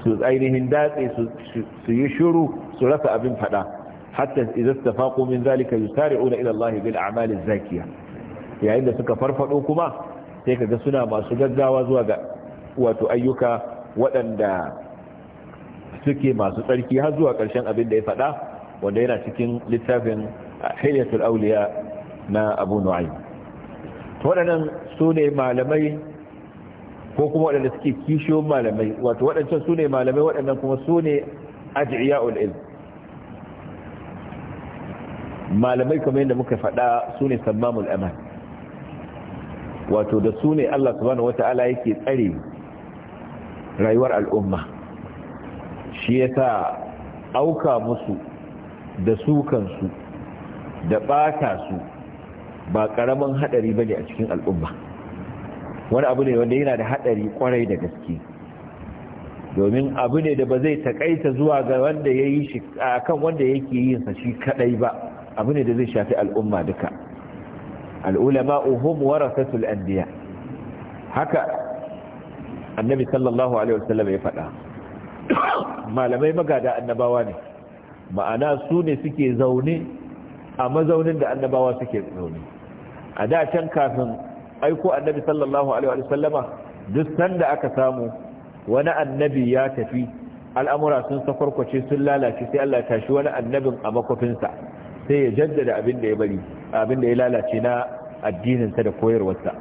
su ainihin datse su yi shiru su rasa abin fada hatta idza istafaqu min zalika yusari'una ila Allah bil a'mal az-zakiyah yayin da suka farfaɗo kuma sai kaga suna masu gaggawa zuwa ga wato ayyuka waɗanda suke masu tsarki har zuwa ƙarshen abin da ya faɗa wanda yana cikin littafin hilyatul na Abu waɗannan malamai ko kuma waɗanda suke kishiyon malamai wato waɗancan su ne malamai waɗannan kuma su ne ajiya ul'ilm malamai kamar yadda muka faɗa su ne sammamul aman wato da su ne Allah subhanahu wata'ala yake tsare rayuwar al'umma shi yasa auka musu da su kansu da ɓata su ba ƙaramin haɗari ne a cikin al'umma wani abu ne wanda yana da haɗari kwarai da gaske domin abu ne da ba zai takaita zuwa ga wanda ya yi shi a kan wanda yake yinsa shi kaɗai ba abu ne da zai shafi al'umma duka al'ulama uhum warasatul anbiya haka annabi sallallahu alaihi wasallam ya faɗa malamai magada annabawa ne ma'ana su ne suke zaune a mazaunin da annabawa suke zaune a da can kafin aiko annabi sallallahu alaihi wasallama duk sanda aka samu wani annabi ya tafi al'amura sun sakwarkwace sun lalace sai Allah tashi wani annabin a makofinsa. sai ya jaddada abin da ya bari abin da ya lalace na addininsa da koyarwarsa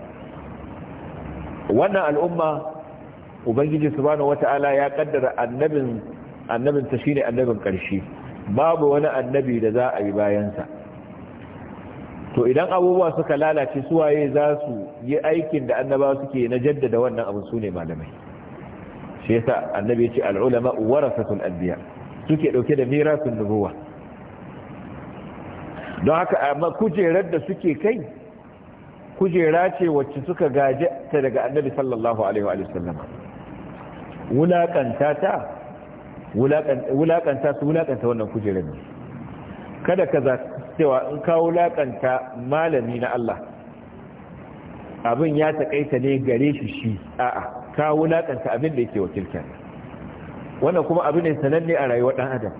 wannan al'umma ubangiji subhanahu wata'ala ya kaddara annabin annabin ta shine annabin karshe babu wani annabi da za a yi bayansa to idan abubuwa suka lalace suwaye za su yi aikin da annabawa suke na jaddada wannan abin su ne malamai shi yasa annabi ya ce al'ulama warasatul anbiya suke dauke da mirasun nubuwa don haka amma kujerar da suke kai kujera ce wacce suka gaje ta daga annabi sallallahu alaihi wa sallama wulakanta ta wulakanta su wulakanta wannan kujerar ne kada ka za cewa in ka wulakanta malami na Allah abin ya taƙaita ne gare shi shi a'a ka wulakanta abin da yake wakilkan wannan kuma abin ne sananne a rayuwar dan adam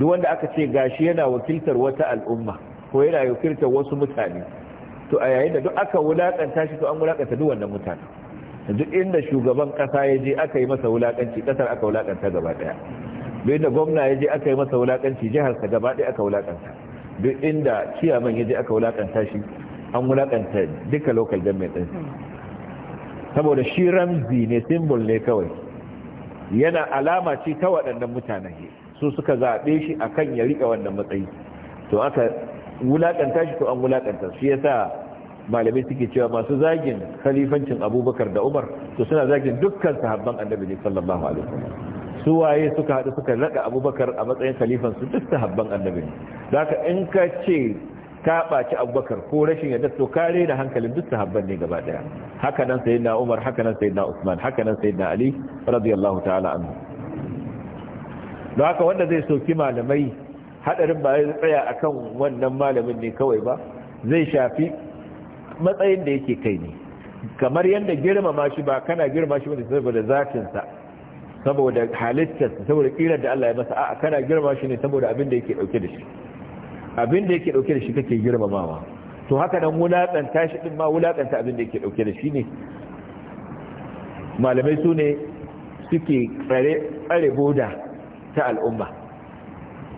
duk wanda aka ce gashi yana wakiltar wata al'umma ko yana wakiltar wasu mutane to a yayin da duk aka wulakanta shi to an wulakanta duk wannan mutane duk inda shugaban kasa ya je aka yi masa wulakanci kasar aka wulakanta gaba daya duk inda gwamna ya je aka yi masa wulakanci jihar sa gaba daya aka wulakanta duk inda ciyaman ya je aka wulakanta shi an wulakanta duka local government din saboda shi ramzi ne symbol ne kawai yana alama ce ta waɗannan mutanen su suka zaɓe shi a kan ya riƙa wannan matsayi to aka wulaƙanta shi ko an wulaƙanta shi sa malamai suke cewa masu zagin khalifancin abubakar da umar to suna zagin dukkan sahabban annabi ne sallallahu alaihi wasallam su waye suka haɗu suka naɗa abubakar a matsayin khalifan su duk sahabban annabi ne ka in ka ce ka ɓaci abubakar ko rashin yadda to ka rena hankalin duk sahabban ne gaba ɗaya haka nan sayyidina umar haka nan sayyidina usman haka nan sayyidina ali radiyallahu ta'ala anhu don haka wanda zai soki malamai hadarin ba ya tsaya akan wannan malamin ne kawai ba zai shafi matsayin da yake kai ne kamar yadda girmama shi ba kana girma shi wanda saboda zafinsa saboda halittarsa saboda kiran da Allah ya masa a kana girma shi ne saboda abin da yake dauke da shi abin da yake dauke da shi kake girmamawa to haka nan wulaƙanta shi din ma wulaƙanta abin da yake dauke da shi ne malamai su ne suke tsare boda ta al'umma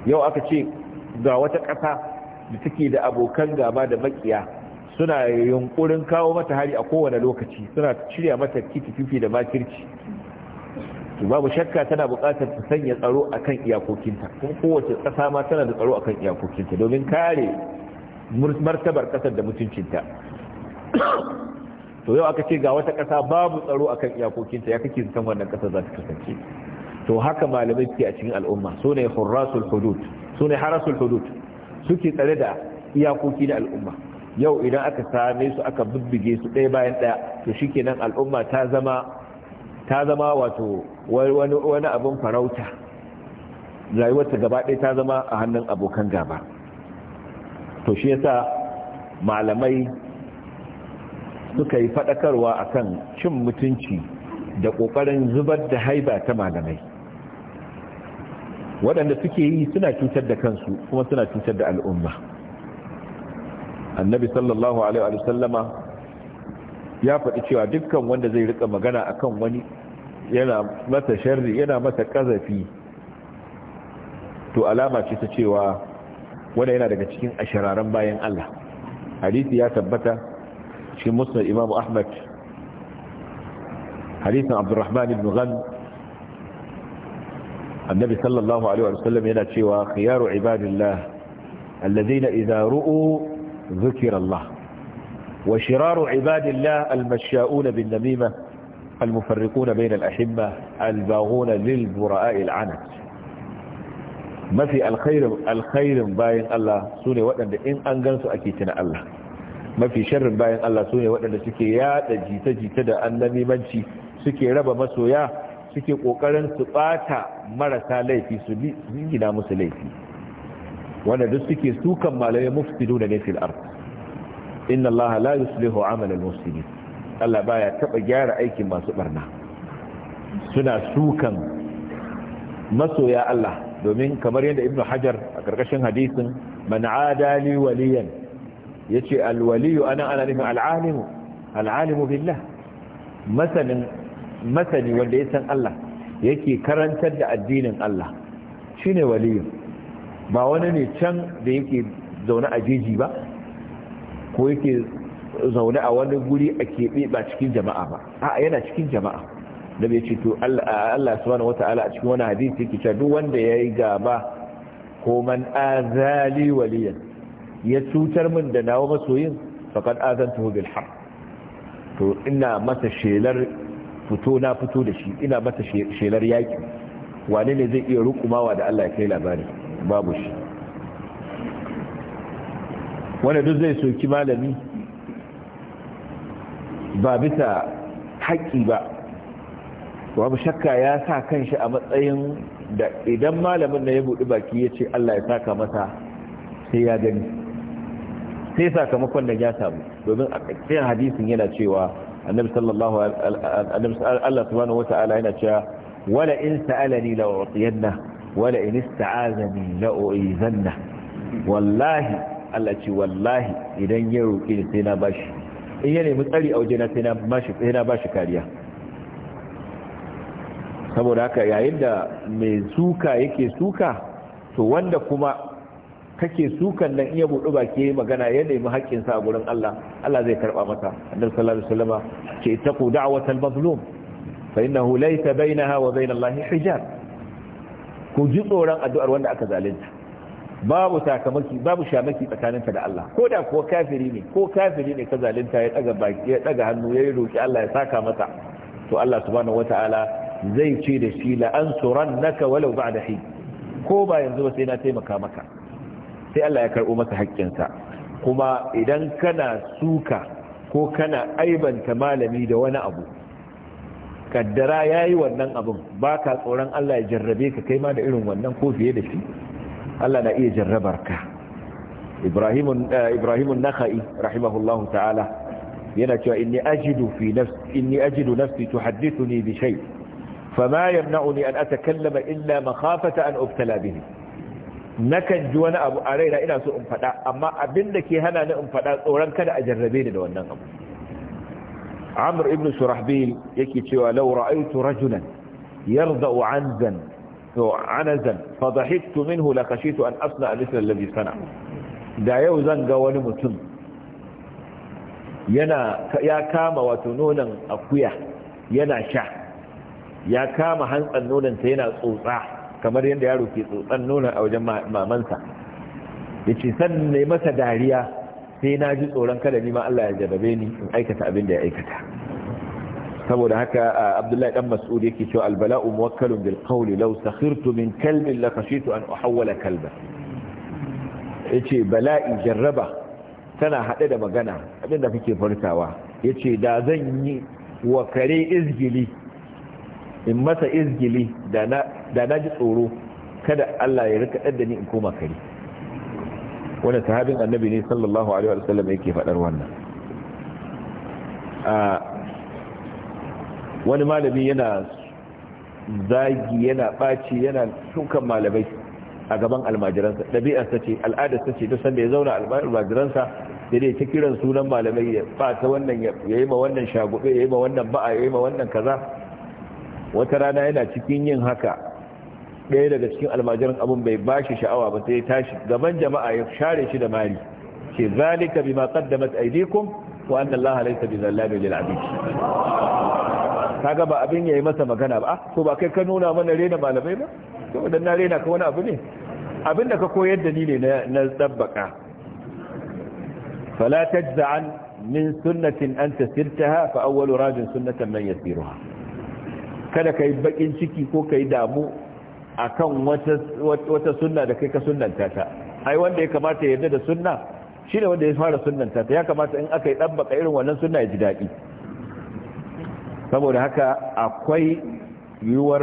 yau aka ce ga wata ƙasa da take da abokan gaba da makiya suna yunkurin kawo mata hari a kowane lokaci suna shirya mata kifi da makirci babu shakka tana buƙatar ta sanya tsaro akan iyakokinta kuma kowace ƙasa ma tana da tsaro akan iyakokinta domin kare martabar ƙasar da mutuncinta to yau aka ce ga wata ƙasa babu tsaro akan iyakokinta ya kake san wannan ƙasar za ta kasance to haka malamai suke a cikin al'umma su ne hurrasul hudud su ne harasul hudud suke tsare da iyakoki na al'umma yau idan aka same su aka bibbige su ɗaya bayan ɗaya to shikenan al'umma ta zama ta zama wato wani abin farauta rayuwarta gaba ɗaya ta zama a hannun abokan gaba to shi yasa malamai suka yi faɗakarwa akan cin mutunci da ƙoƙarin zubar da haiba ta malamai waɗanda suke yi suna cutar da kansu kuma suna cutar da al'umma annabi sallallahu alaihi wa sallama ya faɗi cewa dukkan wanda zai rika magana akan wani yana masa sharri yana masa kazafi to alama ce ta cewa wanda yana daga cikin ashiraren bayan Allah hadisi ya tabbata cikin musnad Imam Ahmad hadisin Abdurrahman ibn Ghanm annabi sallallahu alaihi wasallam yana cewa khiyaru ibadillah alladhina idza ru'u dhukira Allah wa shiraru ibadillah almasha'una bin namima المفرقون بين الأحبة الباغون للبراء العنت ما في الخير الخير باين الله سوني وقتنا إن أنقنسوا أكيتنا الله ما في شر باين الله سوني وقتنا سكي يا تجي تجي تدى النمي منشي سكي رب مسويا suke kokarin su bata marasa laifi su gina musu laifi wanda duk suke sukan malamai mufsiduna da fil ard inna allaha la yuslihu amal al mufsidin Allah baya taba gyara aikin masu barna suna sukan masoya Allah domin kamar yadda ibnu hajar a karkashin hadisin man adali waliyan yace al waliyu ana ana nufin al alimu al alimu billah masanin masani wanda ya san Allah yake karantar da addinin Allah shine waliyu ba wani ne can da yake zaune a jeji ba ko yake zaune a wani guri a keɓe ba cikin jama'a ba a yana cikin jama'a da bai ce to Allah subhanahu wata'ala a cikin wani hadisi yake cewa duk wanda yi gaba ko man azali waliyan ya cutar min da nawa masoyin faqad azantuhu bil har to ina masa shelar fito na fito da shi ina mata shelar yaki wane ne zai iya rukumawa da Allah ya kai labari babu shi wanda duk zai soki malami ba bisa haƙƙi ba babu shakka ya sa kan kanshi a matsayin da idan malamin na ya buɗi baki ya ce Allah ya saka masa sai ya gani sai sakamakon da ya samu domin a ƙarshen hadisin yana cewa annabi sallallahu annabi Allah subhanahu wata'ala yana cewa wala in sa'alani la u'tiyanna wala in ista'azani la u'izanna wallahi Allah ce wallahi idan ya roki ni sai na bashi in ya nemi tsari a waje na sai na bashi sai na bashi kariya saboda haka yayin da mai suka yake suka to wanda kuma kake sukan nan iya buɗu baki magana ya nemi haƙƙinsa a gurin Allah Allah zai karɓa mata, annabi sallallahu alaihi wasallam ce taqu da'watal mazlum fa innahu laysa bainaha wa bain Allah hijab ku ji tsoron addu'ar wanda aka zalunta babu takamaki babu shamaki tsakaninka da Allah ko da ko kafiri ne ko kafiri ne ka zalunta ya daga baki ya daga hannu ya roki Allah ya saka mata? to Allah subhanahu wataala zai ce da shi la ansurannaka walau ba'da hin ko ba yanzu ba sai na taimaka maka sai Allah ya karɓo masa haƙƙinsa kuma idan kana suka ko kana aibanta malami da wani abu kaddara ya yi wannan abin ba ka tsoron Allah ya jarrabe ka kai ma da irin wannan ko fiye da shi Allah na iya jarrabar ka ibrahimun eh, naka'i rahimahullahu ta'ala yana cewa inni ajidu fi nafsi inni ajidu nafsi tuhaddithuni bi shay fama yamna'uni an atakallama illa makhafata an ubtala bihi nakan ji wani abu a raina ina so in faɗa amma abin da ke hana ni in faɗa tsoron kada a jarrabe ni da wannan abu amr ibn surahbil yake cewa law ra'aytu rajulan yarda'u 'anzan to 'anzan fa minhu la khashitu an asna mithla alladhi sana da yau zan ga wani mutum yana ya kama wato nonon akuya yana sha ya kama hantsan nononta yana tsotsa kamar yadda yaro ke tsotsan nonon a wajen mamansa ya ce san ne masa dariya sai na ji tsoron kada ni ma Allah ya jarrabe ni in aikata abin da ya aikata saboda haka Abdullahi dan Mas'ud yake cewa albala'u muwakkalun bil qawli law sakhirtu min kalbin la khashitu an uhawwala kalba yace bala'i jarraba tana hade da magana abin da kake furtawa yace da zan yi wa kare izgili in masa izgili da na da na ji tsoro kada Allah ya rika da ni in koma kare Wani sahabin annabi ne sallallahu alaihi wa sallam yake faɗar wannan a wani malami yana zagi yana ɓaci yana shukan malamai a gaban almajiransa ɗabi'arsa ce al'adarsa ce duk sanda ya zauna almajiransa da dai ta kiran sunan malamai ya ɓata wannan ya yi ma wannan shagube ya yi ma wannan ba'a ya yi ma wannan kaza wata rana yana cikin yin haka ɗaya daga cikin almajirin abun bai ba shi sha'awa ba sai tashi gaban jama'a ya share shi da mari ce zalika bima qaddamat aydikum wa anna allaha laysa lil abid kaga ba abin yayi masa magana ba ko ah, ba kai ka nuna mana rena malamai ba to dan na rena ka wani abu ne abin da ka koyar da ni ne na dabbaka fala tajza'an min sunnatin anta sirtaha fa awwalu rajin sunnatan man yasiruha kada kai bakin ciki ko kai damu akan wata wata sunna da kai ka sunanta ta ai wanda ya kamata ya yarda da sunna shida wanda ya fara sunanta ta ya kamata in aka yi ɗabbaka irin wannan sunna ya ji dadi saboda haka akwai yiwuwar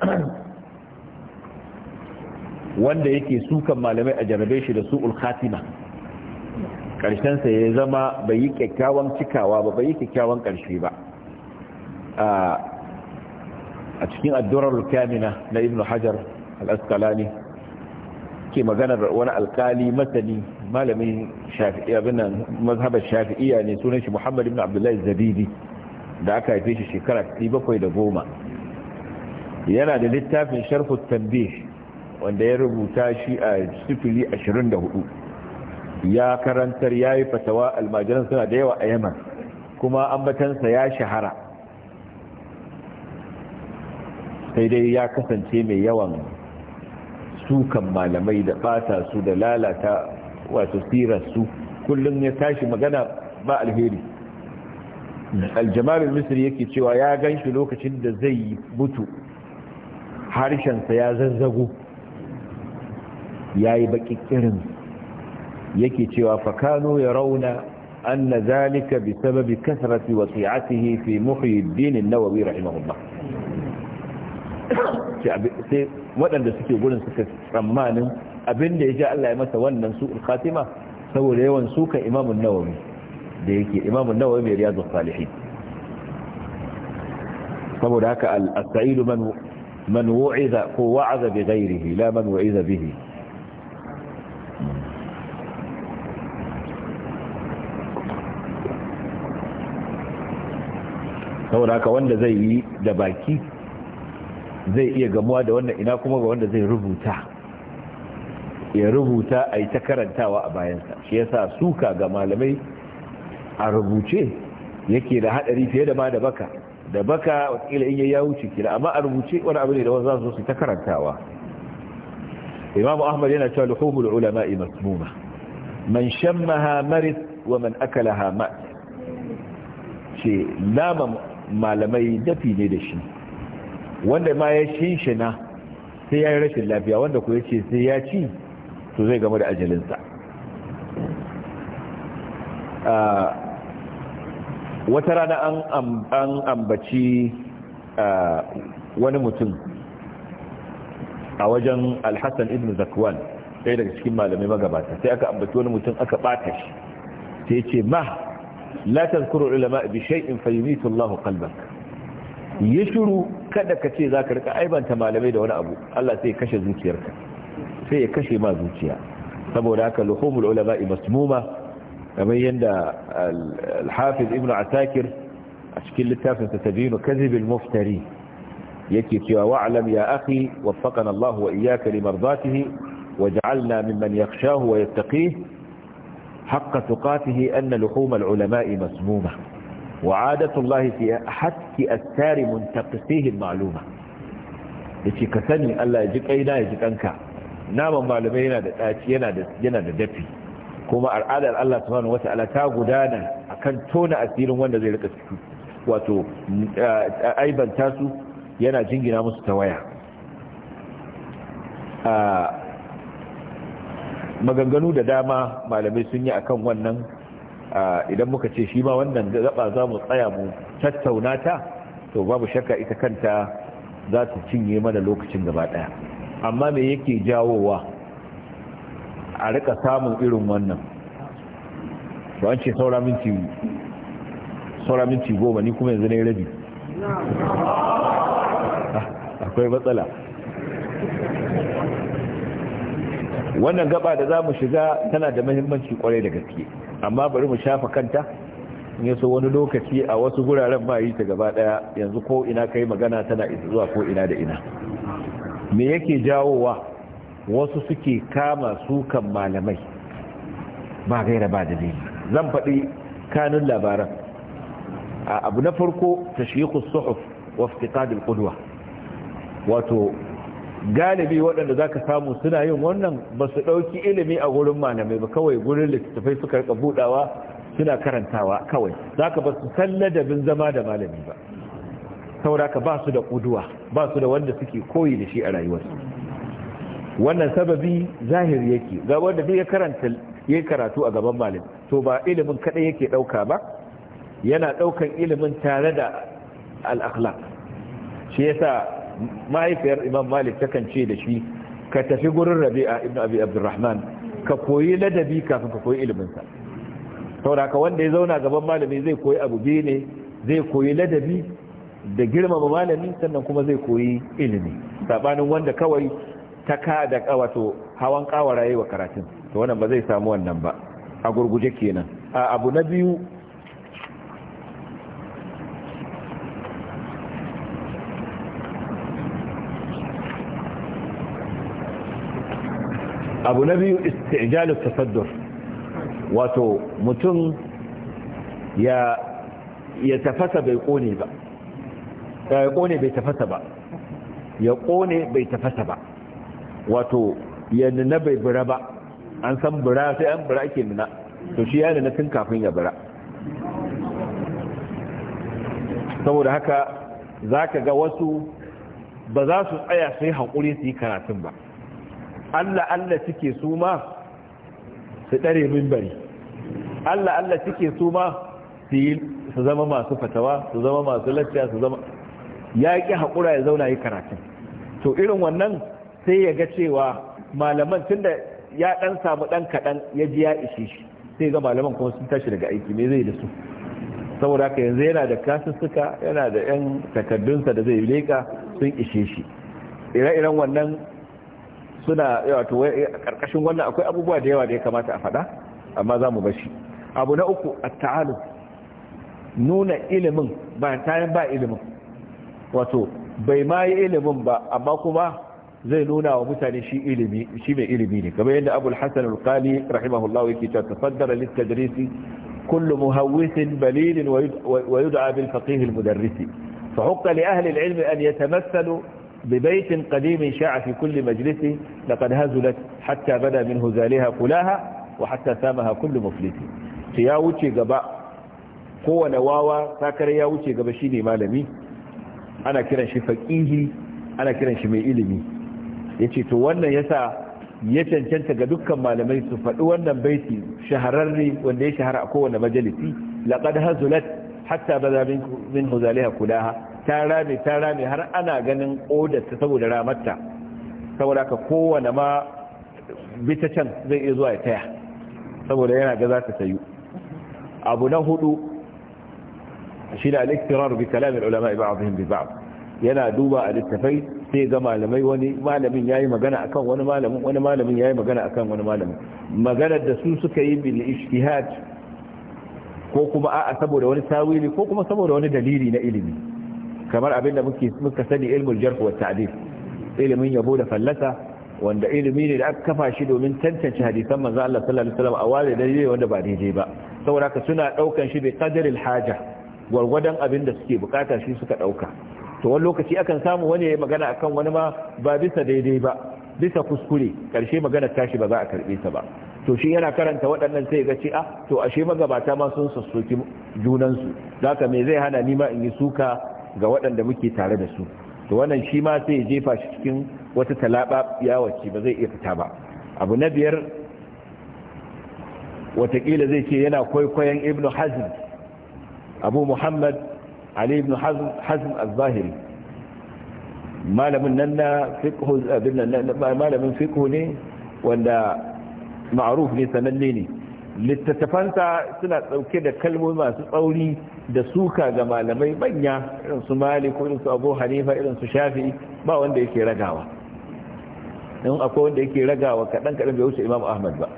wanda yake sukan malamai a jarabe shi da su'ul khatima sa ya zama bai yi kyakkyawan cikawa ba bai yi kyakkyawan ƙarshe ba ah, a cikin addurar kamina na ibn hajar al'askalani ke maganar wani alkali masani malamin shafi'iyya bin mazhabar shafi'iyya ne sunan shi Muhammad ibn abdullahi Zabidi da aka haife shi shekara 710 yana da littafin Sharh at wanda ya rubuta shi a 024 ya karantar yayi fatawa almajiran suna da yawa a Yaman kuma ambatansa ya shahara sai dai ya kasance mai yawan sukan malamai da bata su da lalata wato su kullum ya tashi magana ba alheri aljamalin misri yake cewa ya gan shi lokacin da zai yi mutu harshensa ya zazzago ya yi bakikirin yake cewa fakano ya rauna أن ذلك بسبب كثرة وطيعته في محي الدين النووي رحمه sai waɗanda suke gurin suka tsammanin abinda ya ja Allah ya masa wannan su'ul khatima saboda yawan suka imamun nawawi da yake imamun nawawi mai riyadu salihin saboda haka al-sa'idu man man wu'iza ko wa'aza bi ghairihi la man wu'iza bihi saboda haka wanda zai yi da baki zai iya gamuwa da wannan ina kuma ga wanda zai rubuta ya rubuta a yi ta karantawa a bayansa shi ya sa suka ga malamai a rubuce yake da hadari fiye da ma da baka da baka wakila in ya wuce kila amma a rubuce wani abu ne da wanda za su ta karantawa imamu ahmad yana cewa luhumul ulama'i masmuma man ha maris wa man ha ma ce nama malamai dafi ne da shi wanda ma ya shinshina sai ya yi rashin lafiya wanda ku ya ce sai ya ci to zai game da ajalinsa wata rana an ambaci wani mutum a wajen alhassan ibn zakwan ɗaya daga cikin malamai magabata sai aka ambaci wani mutum aka ɓata shi sai ce ma latin kuro ulama bishai in fayumitu Allahu kalbaka yi shiru kada ka ce za ka rika aibanta malamai da wani abu Allah sai kashe zuciyarka sai ya kashe ma zuciya saboda haka luhumul ulama'i masmuma kamar yadda al-hafiz ibnu asakir a cikin littafin sa tabinu muftari yake cewa wa'lam ya akhi waffaqana Allah wa iyyaka limardatihi waj'alna mimman ya wa yattaqihi haqqa tuqatihi anna luhumul ulama'i masmuma wa adatullahi fi hakki astari muntaqisihi maluma yace ka sani Allah ya ji kaina ya ji kanka naman malamai yana da daci yana da da dafi kuma al'adar Allah subhanahu ta gudana akan tona asirin wanda zai rika ciki wato aibanta yana jingina musu ta waya maganganu da dama malamai sun yi akan wannan idan muka ce shi ma wannan gaba za mu tsaya mu tattauna ta to babu shakka ita kanta za ta cinye mana lokacin gaba daya amma me yake jawowa a rika samun irin wannan ba an ce saura minti saura minti goma ni kuma yanzu na rabi akwai matsala wannan gaba da za mu shiga tana da mahimmanci kwarai da gaske amma bari mu shafa kanta ya so wani lokaci a wasu guraren ba yi ta gaba daya yanzu ko ina kai magana tana isa zuwa ko ina da ina me yake jawowa wasu suke kama sukan malamai ba gaira ba dalili zan faɗi kanun labaran abu na farko tashyikhus suhuf wa iftiqad al-qudwa wato galibi waɗanda za ka samu suna yin wannan ba su ɗauki ilimi a gurin malamai ba kawai gurin littattafai suka rika buɗawa suna karantawa kawai za ka ba su san ladabin zama da malami ba sauraka ba su da ƙuduwa ba su da wanda suke koyi da shi a rayuwarsu wannan sababi zahir yake ga wanda duk ya karanta yayin karatu a gaban malam to ba ilimin kaɗai yake ɗauka ba yana daukan ilimin tare da al-akhlaq shi yasa mahaifiyar imam malik takan ce da shi ka tafi gurin rabi'a ibn abi abdurrahman ka koyi ladabi kafin ka koyi iliminsa sauraka wanda ya zauna gaban malami zai koyi abu biyu ne zai koyi ladabi da girmama malami sannan kuma zai koyi ilimi sabanin wanda kawai ta ka da kawato hawan kawara yi wa karatun to wannan ba zai samu wannan ba a gurguje kenan a abu na biyu abu na biyu istijalu tasaddur wato mutum ya ya tafasa bai kone ba ya kone bai tafasa ba ya kone bai tafasa ba wato ya nuna bai bura ba an san bura sai an bura ake nuna to shi ya nuna tun kafin ya bura saboda haka za ka ga wasu ba za su tsaya sai haƙuri su yi karatun ba Allah Allah suke su ma su ɗare mimbari Allah Allah suke su ma su zama masu fatawa su zama masu lafiya su zama ya ƙi haƙura ya zauna yi karatun to irin wannan sai ya ga cewa malaman tun da ya ɗan samu ɗan kaɗan ya ji ya ishe shi sai ga malaman kuma sun tashi daga aiki me zai da su saboda haka yanzu yana da kasussuka yana da 'yan takardunsa da zai leƙa sun ishe shi ire-iren wannan suna wato karkashin eh, wannan akwai abubuwa da yawa da ya kamata a fada amma za mu bashi abu na uku a taalum nuna ilimin ba tayan ba ilimin wato bai ma yi ilimin ba amma kuma zai nuna wa mutane shi ilimi shi mai ilimi ne kamar yadda abul al-Hasan al-Qali rahimahullah yake cewa tafaddara lit-tadrisi kullu muhawwisin balil wa yud'a bil faqih al-mudarris fa hukka li ahli al-ilm an ببيت قديم شاع في كل مجلس لقد هزلت حتى بدا من هزالها قلاها وحتى سامها كل مفلس يا wuce gaba kowane wawa sakar ya wuce gaba shine malami ana kiran shi faqihi ana kiran shi mai ilimi yace to wannan yasa ya cancanta ga dukkan malamai su faɗi wannan baiti shahararre wanda ya shahara a kowane majalisi laqad hazulat hatta bada min huzaliha kulaha ta rame ta rame har ana ganin ƙodarta saboda ramarta saboda ka kowane ma bita can zai iya zuwa ya taya saboda yana ga za ta tayu abu na hudu shi da al'ikirar bi kalamin ulama iba abin bi ba yana duba a littafai sai ga malamai wani malamin ya yi magana akan wani malamin wani malamin ya yi magana akan wani malamin maganar da su suka yi bil ishtihad ko kuma a'a saboda wani tawili ko kuma saboda wani dalili na ilimi kamar abin da muka sani ilmul jarh wa ta'dil ilimin yabo da fallasa wanda ilimi ne da aka kafa shi domin tantance hadisan manzo Allah sallallahu alaihi wasallam a wale daidai wanda ba daidai ba saboda ka suna daukan shi bi qadaril haja gwargwadon abin da suke bukata shi suka dauka to wani lokaci akan samu wani ya magana akan wani ma ba bisa daidai ba bisa kuskure karshe magana tashi ba za a karbe ta ba to shi yana karanta waɗannan sai ga ce ah, to ashe magabata ma sun sassoki junansu zaka me zai hana ni ma in yi suka ga waɗanda muke tare da su to wannan shi ma sai ya jefa shi cikin wata talaba ya wace ba zai iya fita ba abu na biyar watakila zai ce yana kwaikwayon ibn hazm abu muhammad ali ibn hazm al-zahiri malamin nan na malamin fiqhu ne wanda ma'ruf ne sananne ne littattafansa suna ɗauke da kalmomi masu tsauri da suka ga malamai manya irin su ko irin su abu hanifa irin su shafi ba wanda yake ragawa in akwai wanda yake ragawa kaɗan kaɗan bai wuce imam ahmad ba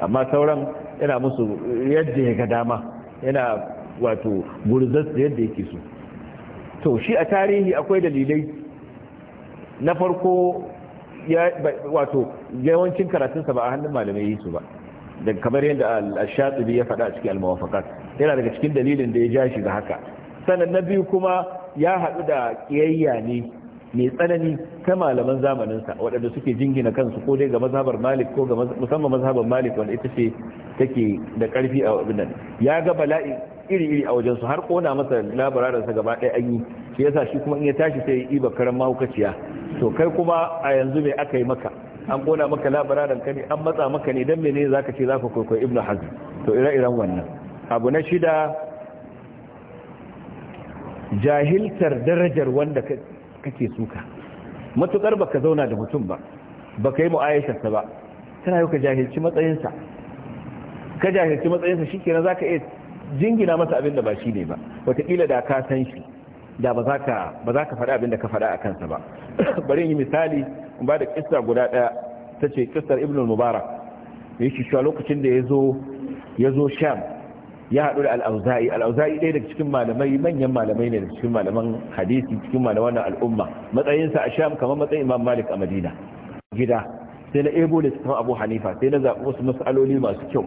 amma sauran yana musu yadda ya ga dama yana wato gurzas da yadda yake so to shi a tarihi akwai dalilai na farko ya wato yawancin karatunsa ba a hannun malamai yi su ba da kamar yadda al-shatibi ya faɗa cikin al-muwafaqat yana daga cikin dalilin da ya ja shi ga haka sanan na biyu kuma ya haɗu da kiyayya ne mai tsanani ta malaman zamanin sa waɗanda suke jingina kansu ko dai ga mazhabar malik ko ga musamman mazhabar malik wanda ita ce take da ƙarfi a nan ya ga bala'i iri-iri a wajen su har kona masa labararinsa gaba ɗaya an yi shi yasa shi kuma in ya tashi sai ya iba karan mahaukaciya to kai kuma a yanzu mai aka yi maka an kona maka labararan ka ne an matsa maka ne don mene za ka ce za ka ibnu ibn hazm to ire-iren wannan abu na shida jahiltar darajar wanda kake suka matukar baka zauna da mutum ba baka yi mu'ayyasharsa ba tana yau ka jahilci matsayinsa ka jahilci matsayinsa shi kenan za ka iya jingina masa abin da ba shi ne ba wataƙila da ka san shi da ba za ka faɗa abin da ka faɗa a kansa ba bari yi misali ba da kissa guda daya ta ce kisar ibn mubarak ya shi shi lokacin da ya zo sham ya haɗu da al'auza'i al'auza'i ɗaya daga cikin malamai manyan malamai ne da cikin malaman hadisi cikin malaman al'umma matsayinsa a sham kamar matsayin imam malik a madina gida sai na ebo da cikin abu hanifa sai na zaɓi wasu matsaloli masu kyau